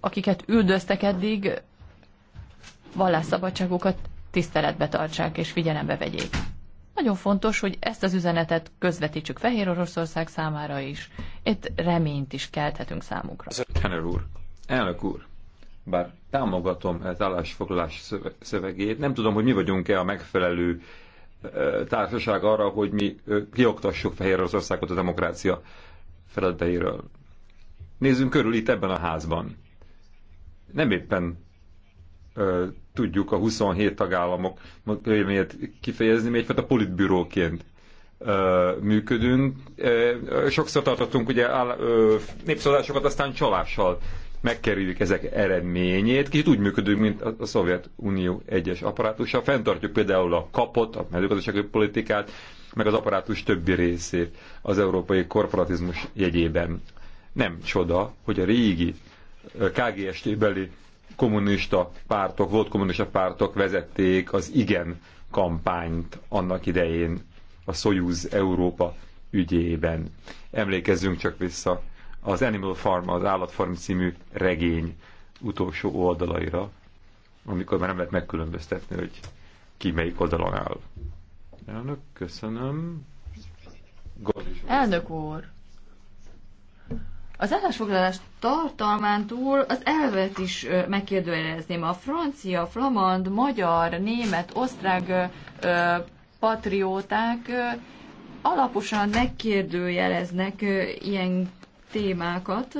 akiket üldöztek eddig, vallásszabadságokat tiszteletbe tartsák és figyelembe vegyék. Nagyon fontos, hogy ezt az üzenetet közvetítsük Fehér Oroszország számára is. Itt reményt is kelthetünk számukra. Kenner úr, elnök úr, bár támogatom az állásfoglalás szövegét, nem tudom, hogy mi vagyunk-e a megfelelő társaság arra, hogy mi kioktassuk fehér az országot a demokrácia feladatairól. Nézzünk körül itt ebben a házban. Nem éppen ö, tudjuk a 27 tagállamok véleményét kifejezni, mi egyfajta politbüróként ö, működünk. Ö, sokszor tartottunk ugye áll, ö, népszólásokat, aztán csalással megkerüljük ezek eredményét. Kicsit úgy működünk, mint a Szovjetunió egyes apparátusa. Fentartjuk például a kapot, a mezőgazdasági politikát, meg az apparátus többi részét az európai korporatizmus jegyében. Nem csoda, hogy a régi KGST-beli kommunista pártok, volt kommunista pártok vezették az igen kampányt annak idején a Soyuz Európa ügyében. Emlékezzünk csak vissza az Animal Farm, az Állatfarm című regény utolsó oldalaira, amikor már nem lehet megkülönböztetni, hogy ki melyik oldalon áll. Elnök, köszönöm. Elnök úr! Az állásfoglalás tartalmán túl az elvet is megkérdőjelezném. A francia, flamand, magyar, német, osztrák patrióták alaposan megkérdőjeleznek ilyen témákat,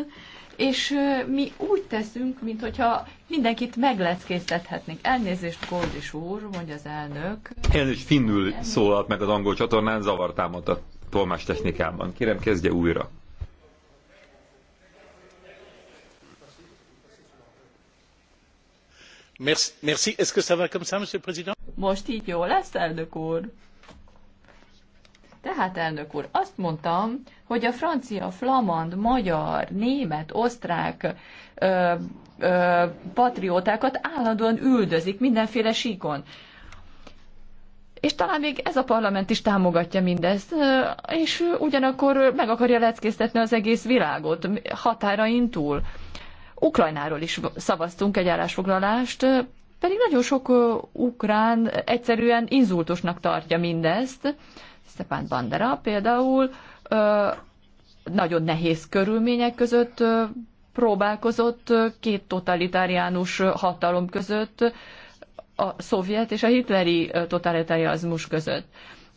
és mi úgy teszünk, mintha mindenkit megleckéztethetnénk. Elnézést, Goldis úr, mondja az elnök. Elnézést, finnül szólalt meg az angol csatornán, zavartámat a tolmás technikában. Kérem, kezdje újra. Merci. Est-ce que ça va comme ça, monsieur le président? Most így jó lesz, elnök úr? Tehát, elnök úr, azt mondtam, hogy a francia, flamand, magyar, német, osztrák ö, ö, patriótákat állandóan üldözik mindenféle síkon. És talán még ez a parlament is támogatja mindezt, és ugyanakkor meg akarja leckésztetni az egész világot határain túl. Ukrajnáról is szavaztunk egy állásfoglalást, pedig nagyon sok ukrán egyszerűen inzultusnak tartja mindezt, Stepan Bandera például nagyon nehéz körülmények között próbálkozott két totalitáriánus hatalom között, a szovjet és a hitleri totalitáriazmus között.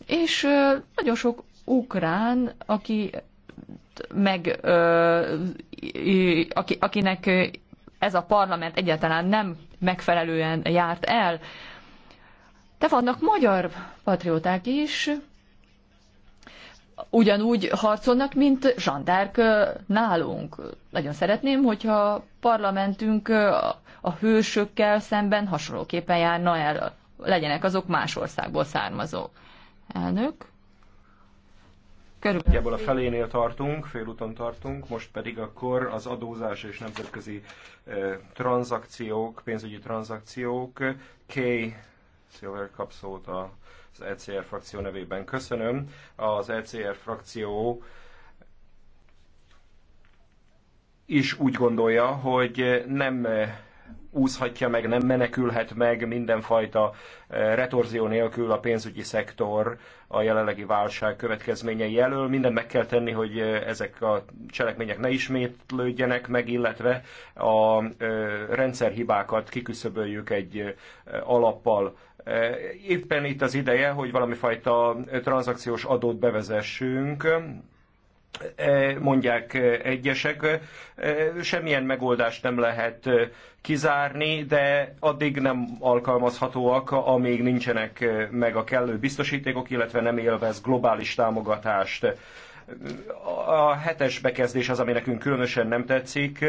És nagyon sok ukrán, aki meg, aki, akinek ez a parlament egyáltalán nem megfelelően járt el. De vannak magyar patrióták is, ugyanúgy harcolnak, mint zsandárk nálunk. Nagyon szeretném, hogyha parlamentünk a hősökkel szemben hasonlóképpen járna el, legyenek azok más országból származó Elnök. Körülbelül. Ebből a felénél tartunk, félúton tartunk, most pedig akkor az adózás és nemzetközi eh, tranzakciók, pénzügyi tranzakciók, K Silver kap szót az ECR frakció nevében. Köszönöm. Az ECR frakció is úgy gondolja, hogy nem úszhatja meg, nem menekülhet meg mindenfajta eh, retorzió nélkül a pénzügyi szektor a jelenlegi válság következményei elől. minden meg kell tenni, hogy eh, ezek a cselekmények ne ismétlődjenek meg, illetve a eh, rendszerhibákat kiküszöböljük egy alappal. Eh, éppen itt az ideje, hogy valami fajta tranzakciós adót bevezessünk, eh, mondják eh, egyesek. Semmilyen megoldást nem lehet kizárni, de addig nem alkalmazhatóak, amíg nincsenek meg a kellő biztosítékok, illetve nem élvez globális támogatást. A hetes bekezdés az, ami nekünk különösen nem tetszik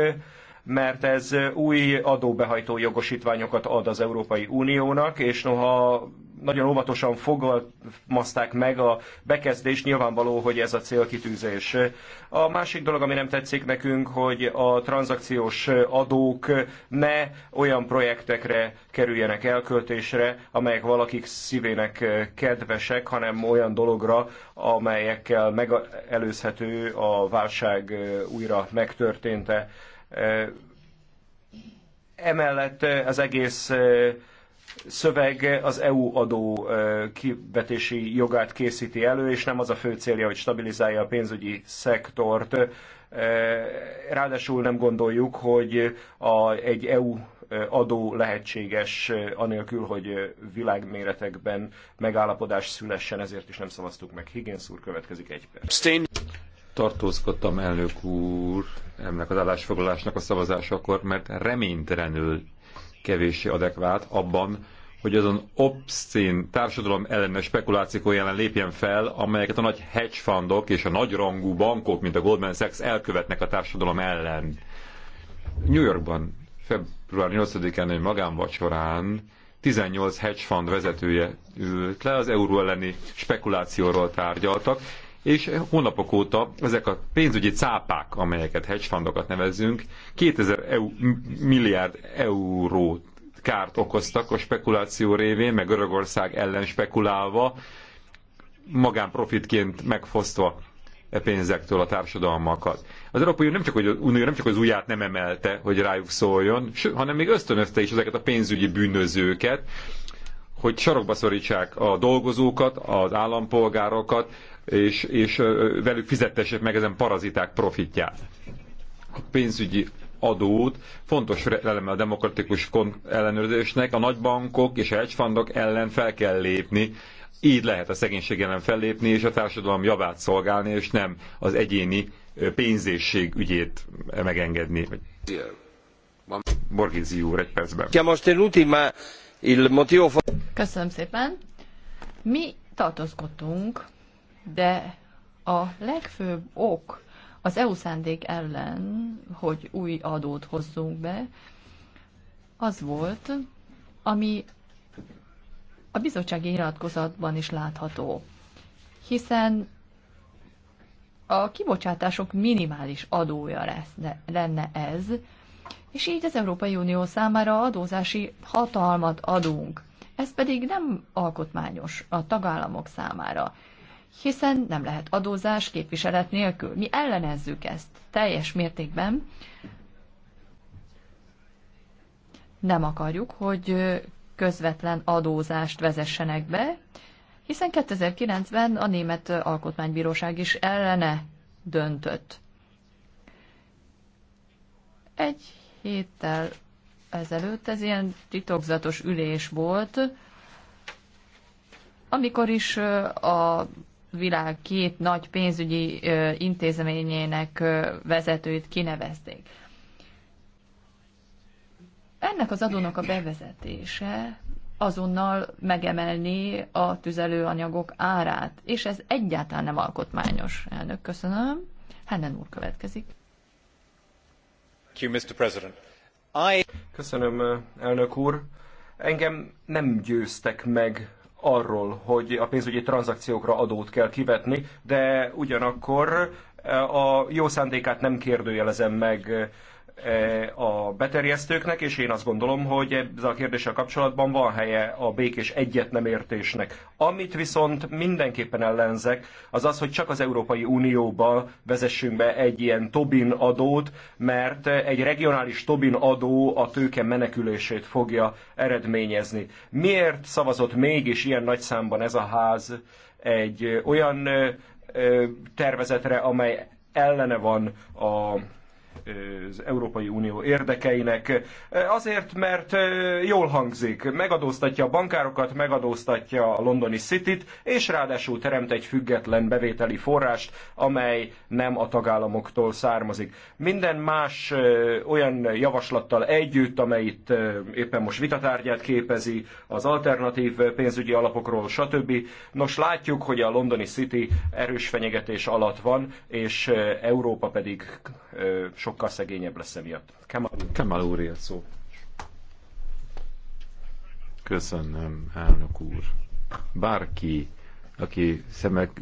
mert ez új adóbehajtó jogosítványokat ad az Európai Uniónak, és noha nagyon óvatosan fogalmazták meg a bekezdést, nyilvánvaló, hogy ez a célkitűzés. A másik dolog, ami nem tetszik nekünk, hogy a tranzakciós adók ne olyan projektekre kerüljenek elköltésre, amelyek valakik szívének kedvesek, hanem olyan dologra, amelyekkel megelőzhető a válság újra megtörténte. Eh, emellett eh, az egész eh, szöveg az EU adó kivetési jogát készíti elő, és nem az a fő célja, hogy stabilizálja a pénzügyi szektort. Ráadásul nem gondoljuk, hogy a, egy EU adó lehetséges, anélkül, hogy világméretekben megállapodás szülessen, ezért is nem szavaztuk meg. Higgins úr következik egy perc tartózkodtam, elnök úr, ennek az állásfoglalásnak a szavazásakor, mert reménytelenül kevéssé adekvát abban, hogy azon obszcén társadalom ellenes spekulációk ellen lépjen fel, amelyeket a nagy hedge fundok és a nagyrangú bankok, mint a Goldman Sachs elkövetnek a társadalom ellen. New Yorkban február 8-án egy magánvacsorán 18 hedge fund vezetője ült le, az euró elleni spekulációról tárgyaltak, és hónapok óta ezek a pénzügyi cápák, amelyeket fundokat nevezünk, 2000 EU, milliárd eurót kárt okoztak a spekuláció révén, meg Örögország ellen spekulálva, magánprofitként megfosztva e pénzektől a társadalmakat. Az Európai Unió nem csak, hogy az, Unió nem csak az ujját nem emelte, hogy rájuk szóljon, hanem még ösztönözte is ezeket a pénzügyi bűnözőket, hogy sarokba szorítsák a dolgozókat, az állampolgárokat, és, és velük fizettessék meg ezen paraziták profitját. A pénzügyi adót fontos eleme a demokratikus ellenőrzésnek, a nagybankok és a hedgefundok ellen fel kell lépni, így lehet a szegénység ellen fellépni, és a társadalom javát szolgálni, és nem az egyéni pénzésség ügyét megengedni. Borgézi úr, egy percben. Köszönöm szépen. Mi tartozkodtunk de a legfőbb ok az EU szándék ellen, hogy új adót hozzunk be, az volt, ami a bizottsági iratkozatban is látható, hiszen a kibocsátások minimális adója lesz, lenne ez, és így az Európai Unió számára adózási hatalmat adunk. Ez pedig nem alkotmányos a tagállamok számára hiszen nem lehet adózás képviselet nélkül. Mi ellenezzük ezt teljes mértékben. Nem akarjuk, hogy közvetlen adózást vezessenek be, hiszen 2009-ben a Német Alkotmánybíróság is ellene döntött. Egy héttel ezelőtt ez ilyen titokzatos ülés volt, amikor is a világ két nagy pénzügyi intézményének vezetőit kinevezték. Ennek az adónak a bevezetése azonnal megemelni a tüzelőanyagok árát, és ez egyáltalán nem alkotmányos. Elnök, köszönöm. Hennen úr következik. Köszönöm, elnök úr. Engem nem győztek meg arról, hogy a pénzügyi tranzakciókra adót kell kivetni, de ugyanakkor eh, a jó szándékát nem kérdőjelezem meg eh, a beterjesztőknek, és én azt gondolom, hogy ezzel a kérdéssel kapcsolatban van helye a békés egyet nem Amit viszont mindenképpen ellenzek, az az, hogy csak az Európai Unióba vezessünk be egy ilyen Tobin adót, mert egy regionális Tobin adó a tőke menekülését fogja eredményezni. Miért szavazott mégis ilyen nagy számban ez a ház egy olyan tervezetre, amely ellene van a az Európai Unió érdekeinek. Azért, mert jól hangzik, megadóztatja a bankárokat, megadóztatja a londoni city és ráadásul teremt egy független bevételi forrást, amely nem a tagállamoktól származik. Minden más olyan javaslattal együtt, amely itt éppen most vitatárgyát képezi, az alternatív pénzügyi alapokról, stb. Nos, látjuk, hogy a londoni City erős fenyegetés alatt van, és Európa pedig sokkal szegényebb lesz emiatt. Kemal, Kemal úr szó. Köszönöm, elnök úr. Bárki, aki szemek,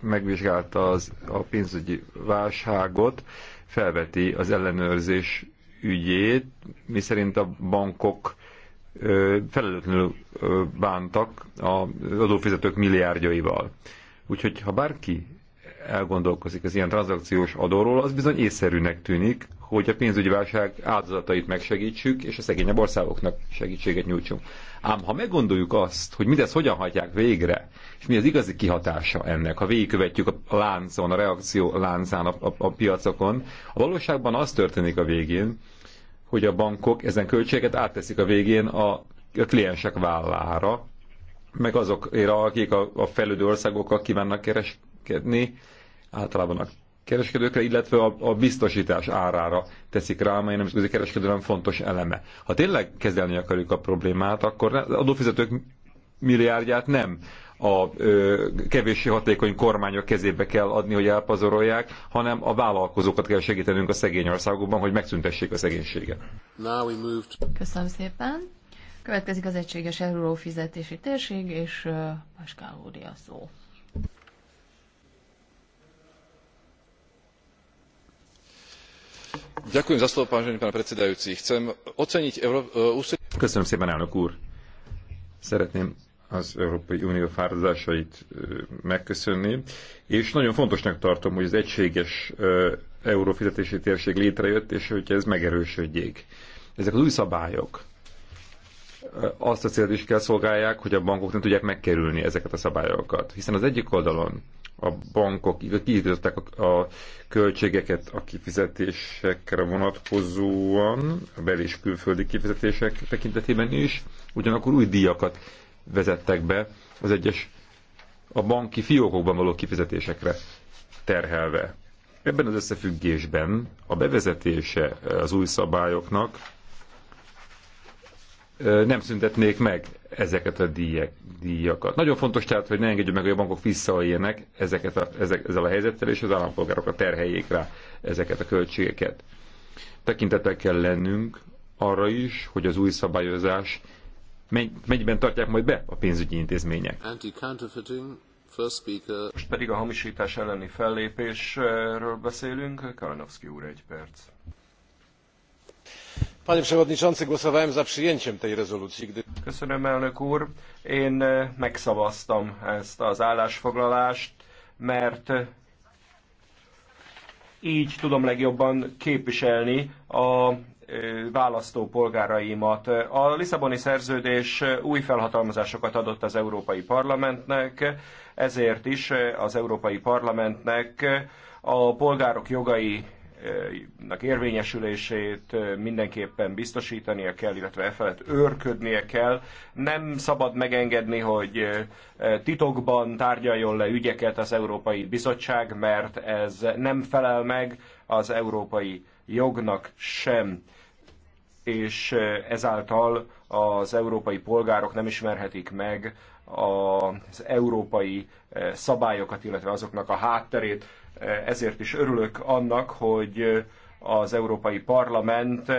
megvizsgálta az, a pénzügyi válságot, felveti az ellenőrzés ügyét, miszerint a bankok felelőtlenül bántak az adófizetők milliárdjaival. Úgyhogy ha bárki elgondolkozik az ilyen tranzakciós adóról, az bizony észszerűnek tűnik, hogy a pénzügyi válság áldozatait megsegítsük, és a szegényebb országoknak segítséget nyújtsunk. Ám ha meggondoljuk azt, hogy mindezt hogyan hagyják végre, és mi az igazi kihatása ennek, ha végigkövetjük a láncon, a reakció láncán, a, a, a piacokon, a valóságban az történik a végén, hogy a bankok ezen költséget átteszik a végén a, a kliensek vállára, meg azokra, akik a, a fejlődő országokkal kívánnak kereskedni, általában a kereskedőkre, illetve a, a biztosítás árára teszik rá, amely nem nemzetközi kereskedelem fontos eleme. Ha tényleg kezelni akarjuk a problémát, akkor az adófizetők milliárdját nem a ö, kevéssé hatékony kormányok kezébe kell adni, hogy elpazarolják, hanem a vállalkozókat kell segítenünk a szegény országokban, hogy megszüntessék a szegénységet. Köszönöm szépen. Következik az egységes eurófizetési térség, és uh, Paskál úr a szó. chcem oceniť e, úsilie. köszönöm szépen elnök szeretném az európai unió fáradozásait e, megköszönni és nagyon fontosnak tartom hogy az egységes e, eurófizetési térség létrejött és hogy ez megerősödjék. ezek az új szabályok azt a célt is kell szolgálják, hogy a bankok nem tudják megkerülni ezeket a szabályokat. Hiszen az egyik oldalon a bankok kiították a, a költségeket a kifizetésekre vonatkozóan, a bel- és külföldi kifizetések tekintetében is, ugyanakkor új díjakat vezettek be az egyes a banki fiókokban való kifizetésekre terhelve. Ebben az összefüggésben a bevezetése az új szabályoknak nem szüntetnék meg ezeket a díjek, díjakat. Nagyon fontos tehát, hogy ne engedjük meg, hogy a bankok visszaéljenek ezeket a, ezek, ezzel a helyzettel, és az állampolgárokat terheljék rá ezeket a költségeket. Tekintettel kell lennünk arra is, hogy az új szabályozás mennyiben tartják majd be a pénzügyi intézmények. Most pedig a hamisítás elleni fellépésről beszélünk. Kalinowski úr, egy perc panie przewodniczący! głosowałem za przyjęciem tej rezolucji gdyż. köszönöm elnök úr én e, megszavaztam ezt az állásfoglalást mert e, így tudom legjobban képviselni a e, választópolgáraimat. A Lisszaboni szerződés új felhatalmazásokat adott az Európai Parlamentnek, ezért is az Európai Parlamentnek a polgárok jogai Eh, érvényesülését eh, mindenképpen biztosítania kell, illetve e felett őrködnie kell. Nem szabad megengedni, hogy eh, titokban tárgyaljon le ügyeket az Európai Bizottság, mert ez nem felel meg az európai jognak sem és eh, ezáltal az európai polgárok nem ismerhetik meg az európai eh, szabályokat, illetve azoknak a hátterét. Eh, ezért is örülök annak, hogy az Európai Parlament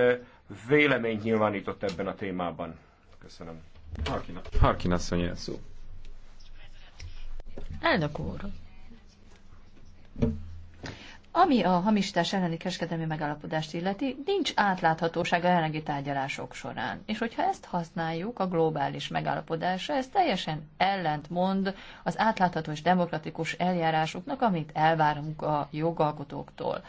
véleményt nyilvánított ebben a témában. Köszönöm. Harkin, Harkin asszony szó. Elnök úr, ami a hamisítás elleni kereskedelmi megállapodást illeti, nincs átláthatóság a jelenlegi tárgyalások során. És hogyha ezt használjuk a globális megállapodásra, ez teljesen ellentmond az átlátható és demokratikus eljárásoknak, amit elvárunk a jogalkotóktól.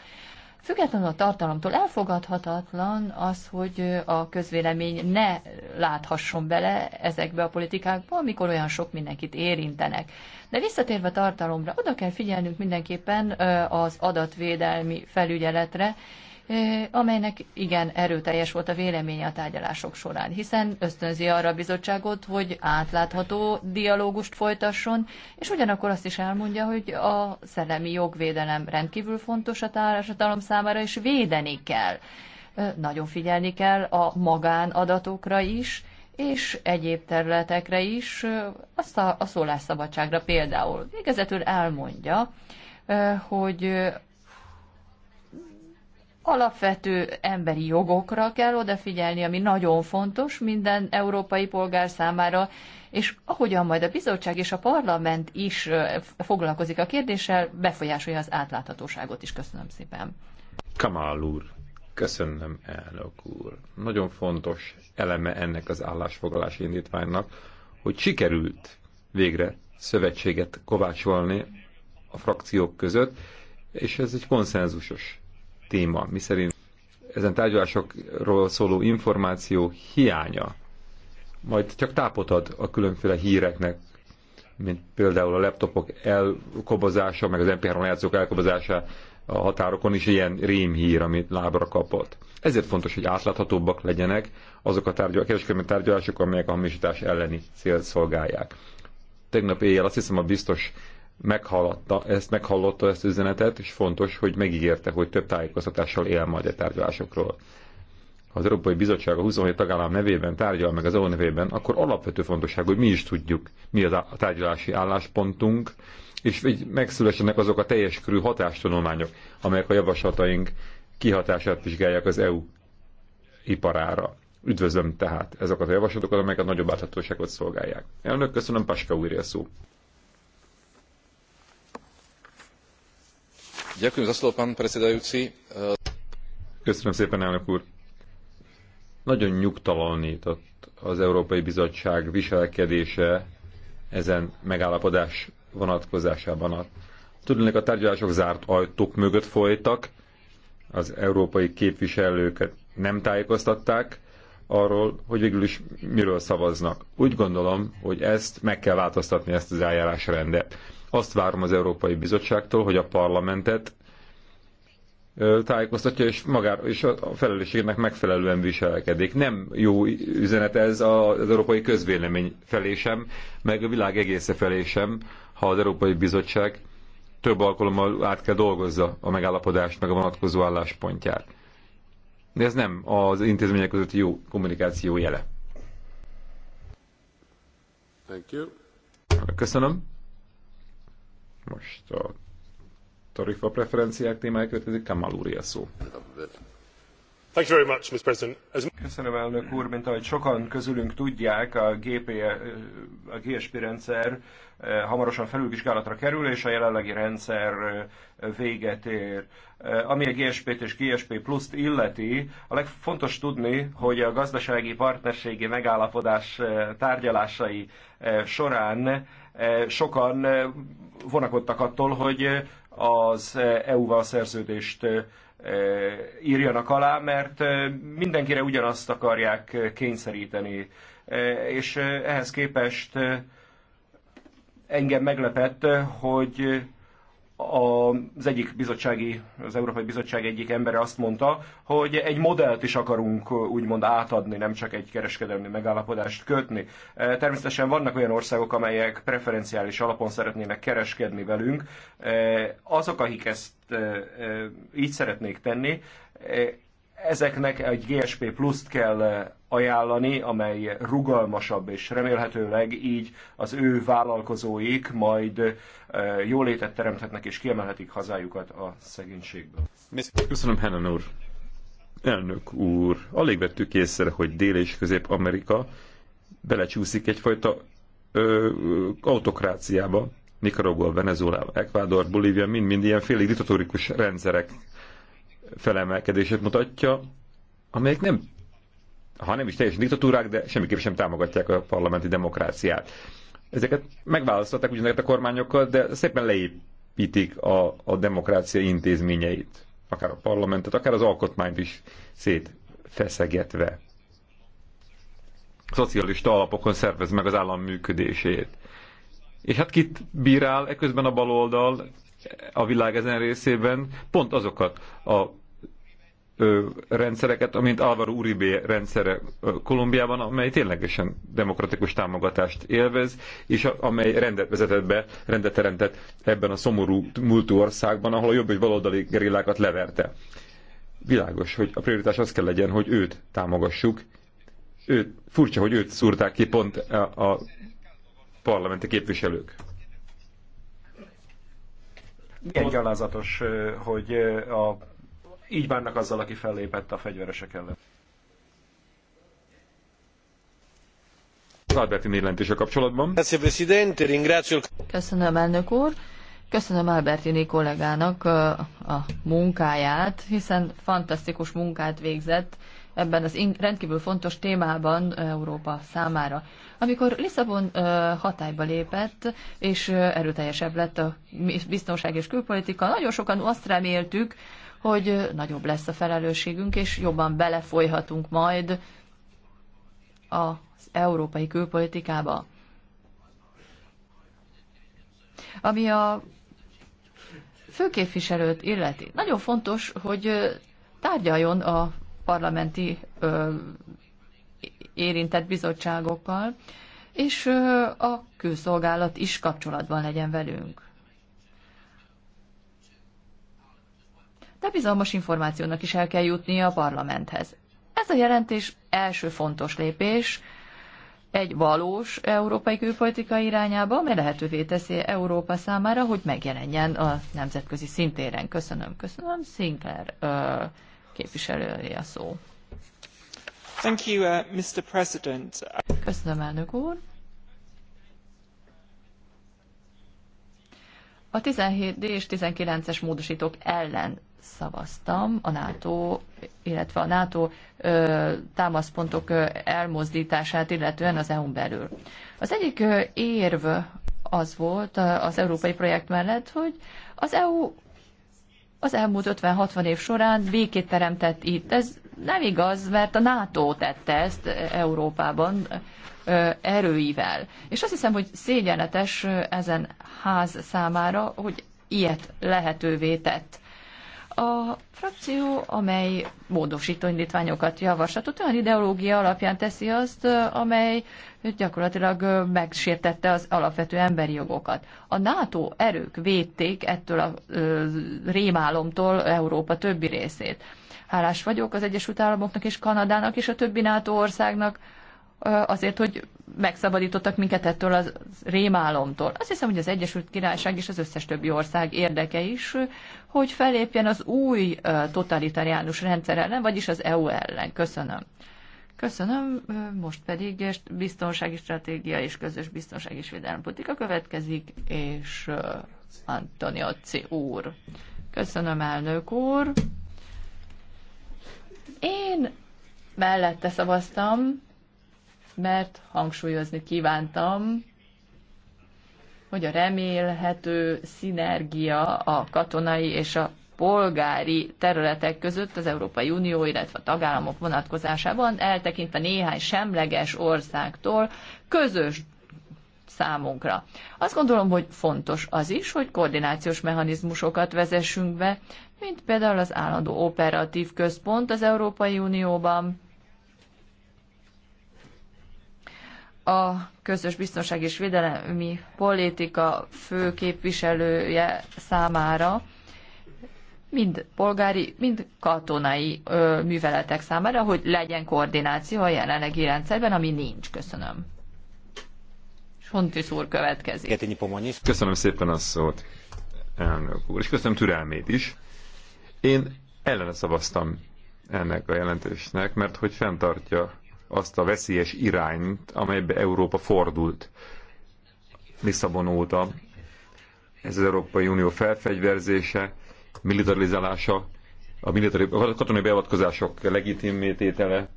Függetlenül a tartalomtól elfogadhatatlan az, hogy a közvélemény ne láthasson bele ezekbe a politikákba, amikor olyan sok mindenkit érintenek. De visszatérve tartalomra, oda kell figyelnünk mindenképpen az adatvédelmi felügyeletre, Eh, amelynek igen erőteljes volt a véleménye a tárgyalások során, hiszen ösztönzi arra a bizottságot, hogy átlátható dialógust folytasson, és ugyanakkor azt is elmondja, hogy a szellemi jogvédelem rendkívül fontos a társadalom számára, és védeni kell. Eh, nagyon figyelni kell a magánadatokra is, és egyéb területekre is, eh, a szólásszabadságra például. Végezetül elmondja, hogy alapvető emberi jogokra kell odafigyelni, ami nagyon fontos minden európai polgár számára, és ahogyan majd a bizottság és a parlament is foglalkozik a kérdéssel, befolyásolja az átláthatóságot is. Köszönöm szépen. Kamál úr, köszönöm elnök úr. Nagyon fontos eleme ennek az állásfoglalási indítványnak, hogy sikerült végre szövetséget kovácsolni a frakciók között, és ez egy konszenzusos téma, miszerint ezen tárgyalásokról szóló információ hiánya majd csak tápot ad a különféle híreknek, mint például a laptopok elkobozása, meg az MP3 játszók elkobozása a határokon is ilyen rémhír, amit lábra kapott. Ezért fontos, hogy átláthatóbbak legyenek azok a tárgyal, kereskedelmi tárgyalások, amelyek a hamisítás elleni célt szolgálják. Tegnap éjjel azt hiszem a biztos meghallotta ezt, meghallotta ezt az üzenetet, és fontos, hogy megígérte, hogy több tájékoztatással él majd a tárgyalásokról. Ha az Európai Bizottság a 27 tagállam nevében tárgyal meg az EU nevében, akkor alapvető fontosság, hogy mi is tudjuk, mi az a tárgyalási álláspontunk, és hogy megszülessenek azok a teljes körű hatástanulmányok, amelyek a javaslataink kihatását vizsgálják az EU iparára. Üdvözlöm tehát ezeket a javaslatokat, amelyek a nagyobb áthatóságot szolgálják. Elnök, köszönöm, Paska újra szó. Köszönöm szépen, elnök úr. Nagyon nyugtalanított az Európai Bizottság viselkedése ezen megállapodás vonatkozásában. Tudnék, a tárgyalások zárt ajtók mögött folytak, az európai képviselőket nem tájékoztatták arról, hogy végül is miről szavaznak. Úgy gondolom, hogy ezt meg kell változtatni, ezt az eljárásrendet azt várom az Európai Bizottságtól, hogy a parlamentet tájékoztatja, és, magár és a felelősségnek megfelelően viselkedik. Nem jó üzenet ez az európai közvélemény felé sem, meg a világ egésze felé sem, ha az Európai Bizottság több alkalommal át kell dolgozza a megállapodást, meg a vonatkozó álláspontját. De ez nem az intézmények közötti jó kommunikáció jele. Thank you. Köszönöm. Most a tarifa preferenciák témája következik, Kamal úr szó. Köszönöm, elnök úr. Mint ahogy sokan közülünk tudják, a, GP, eh, a GSP rendszer eh, hamarosan felülvizsgálatra kerül, és a jelenlegi rendszer eh, véget ér. Ami a GSP-t és GSP pluszt illeti, a legfontos tudni, hogy a gazdasági partnerségi megállapodás tárgyalásai során sokan vonakodtak attól, hogy az EU-val szerződést írjanak alá, mert mindenkire ugyanazt akarják kényszeríteni. És ehhez képest engem meglepett, hogy az egyik bizottsági, az Európai Bizottság egyik embere azt mondta, hogy egy modellt is akarunk úgymond átadni, nem csak egy kereskedelmi megállapodást kötni. E, természetesen vannak olyan országok, amelyek preferenciális alapon szeretnének kereskedni velünk. E, azok, akik ezt e, így szeretnék tenni, Ezeknek egy GSP pluszt kell eh, ajánlani, amely rugalmasabb, és remélhetőleg így az ő vállalkozóik majd eh, jólétet teremthetnek és kiemelhetik hazájukat a szegénységből. Köszönöm, Hennen úr. Elnök úr, alig vettük észre, hogy Dél- és Közép-Amerika belecsúszik egyfajta ö, autokráciába, Nicaragua, Venezuela, Ecuador, Bolívia mind-mind ilyen félig diktatórikus rendszerek felemelkedését mutatja, amelyek nem, ha nem is teljesen diktatúrák, de semmiképp sem támogatják a parlamenti demokráciát. Ezeket megválasztották ugyaneket a kormányokkal, de szépen leépítik a, a demokrácia intézményeit, akár a parlamentet, akár az alkotmányt is szétfeszegetve. Szocialista alapokon szervez meg az állam működését. És hát kit bírál, eközben a baloldal a világ ezen részében pont azokat a ö, rendszereket, amint Álvaro Uribe rendszere ö, Kolumbiában, amely ténylegesen demokratikus támogatást élvez, és a, amely rendet vezetett be, rendet teremtett ebben a szomorú múltú országban, ahol a jobb és baloldali gerillákat leverte. Világos, hogy a prioritás az kell legyen, hogy őt támogassuk. Ő, furcsa, hogy őt szúrták ki pont a, a parlamenti képviselők milyen gyalázatos, hogy a, így bánnak azzal, aki fellépett a fegyveresek ellen. Az Albertin jelentése kapcsolatban. Köszönöm, elnök úr. Köszönöm Albertini kollégának a munkáját, hiszen fantasztikus munkát végzett ebben az rendkívül fontos témában Európa számára. Amikor Lisszabon hatályba lépett, és erőteljesebb lett a biztonság és külpolitika, nagyon sokan azt reméltük, hogy nagyobb lesz a felelősségünk, és jobban belefolyhatunk majd az európai külpolitikába. Ami a főképviselőt illeti, nagyon fontos, hogy tárgyaljon a parlamenti ö, érintett bizottságokkal, és ö, a külszolgálat is kapcsolatban legyen velünk. De bizalmas információnak is el kell jutnia a parlamenthez. Ez a jelentés első fontos lépés egy valós európai külpolitika irányába, amely lehetővé teszi Európa számára, hogy megjelenjen a nemzetközi szintéren. Köszönöm, köszönöm. Sinclair Uh képviselője a szó. Thank you, uh, Mr. President. Köszönöm, elnök úr. A 17 és 19-es módosítók ellen szavaztam a NATO, illetve a NATO ö, támaszpontok ö, elmozdítását, illetően az EU-n belül. Az egyik ö, érv az volt az európai projekt mellett, hogy az EU az elmúlt 50-60 év során békét teremtett itt. Ez nem igaz, mert a NATO tette ezt e, Európában e, erőivel. És azt hiszem, hogy szégyenletes e, ezen ház számára, hogy ilyet lehetővé tett. A frakció, amely módosító indítványokat javaslatot, olyan ideológia alapján teszi azt, amely gyakorlatilag megsértette az alapvető emberi jogokat. A NATO erők védték ettől a rémálomtól Európa többi részét. Hálás vagyok az Egyesült Államoknak és Kanadának és a többi NATO országnak, azért, hogy megszabadítottak minket ettől a rémálomtól. Azt hiszem, hogy az Egyesült Királyság és az összes többi ország érdeke is, hogy felépjen az új totalitáriánus rendszer ellen, vagyis az EU ellen. Köszönöm. Köszönöm, most pedig biztonsági stratégia és közös biztonsági és védelempolitika következik, és C. úr. Köszönöm, elnök úr. Én mellette szavaztam, mert hangsúlyozni kívántam, hogy a remélhető szinergia a katonai és a polgári területek között az Európai Unió, illetve a tagállamok vonatkozásában, eltekintve néhány semleges országtól, közös számunkra. Azt gondolom, hogy fontos az is, hogy koordinációs mechanizmusokat vezessünk be, mint például az állandó operatív központ az Európai Unióban, a közös biztonság és védelemi politika fő képviselője számára, mind polgári, mind katonai ö, műveletek számára, hogy legyen koordináció a jelenlegi rendszerben, ami nincs. Köszönöm. Sontis úr következik. Köszönöm szépen a szót, elnök úr, és köszönöm türelmét is. Én ellene szavaztam ennek a jelentésnek, mert hogy fenntartja azt a veszélyes irányt, amelybe Európa fordult Lisszabon óta. Ez az Európai Unió felfegyverzése, militarizálása, a, militari, a katonai beavatkozások legitimitétele,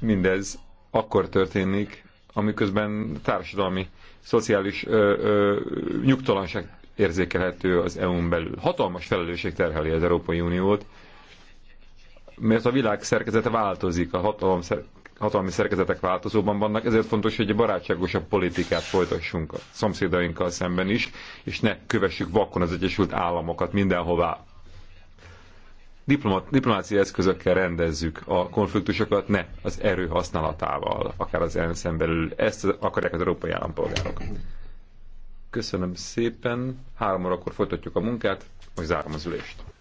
Mindez akkor történik, amiközben társadalmi, szociális ö, ö, nyugtalanság érzékelhető az EU-n belül. Hatalmas felelősség terheli az Európai Uniót, mert a világ szerkezete változik, a hatalom szerkezete hatalmi szerkezetek változóban vannak, ezért fontos, hogy egy barátságosabb politikát folytassunk a szomszédainkkal szemben is, és ne kövessük vakon az Egyesült Államokat mindenhová. Diplomat, diplomáciai eszközökkel rendezzük a konfliktusokat, ne az erő használatával, akár az ensz belül. Ezt akarják az európai állampolgárok. Köszönöm szépen, három órakor folytatjuk a munkát, hogy zárom az ülést.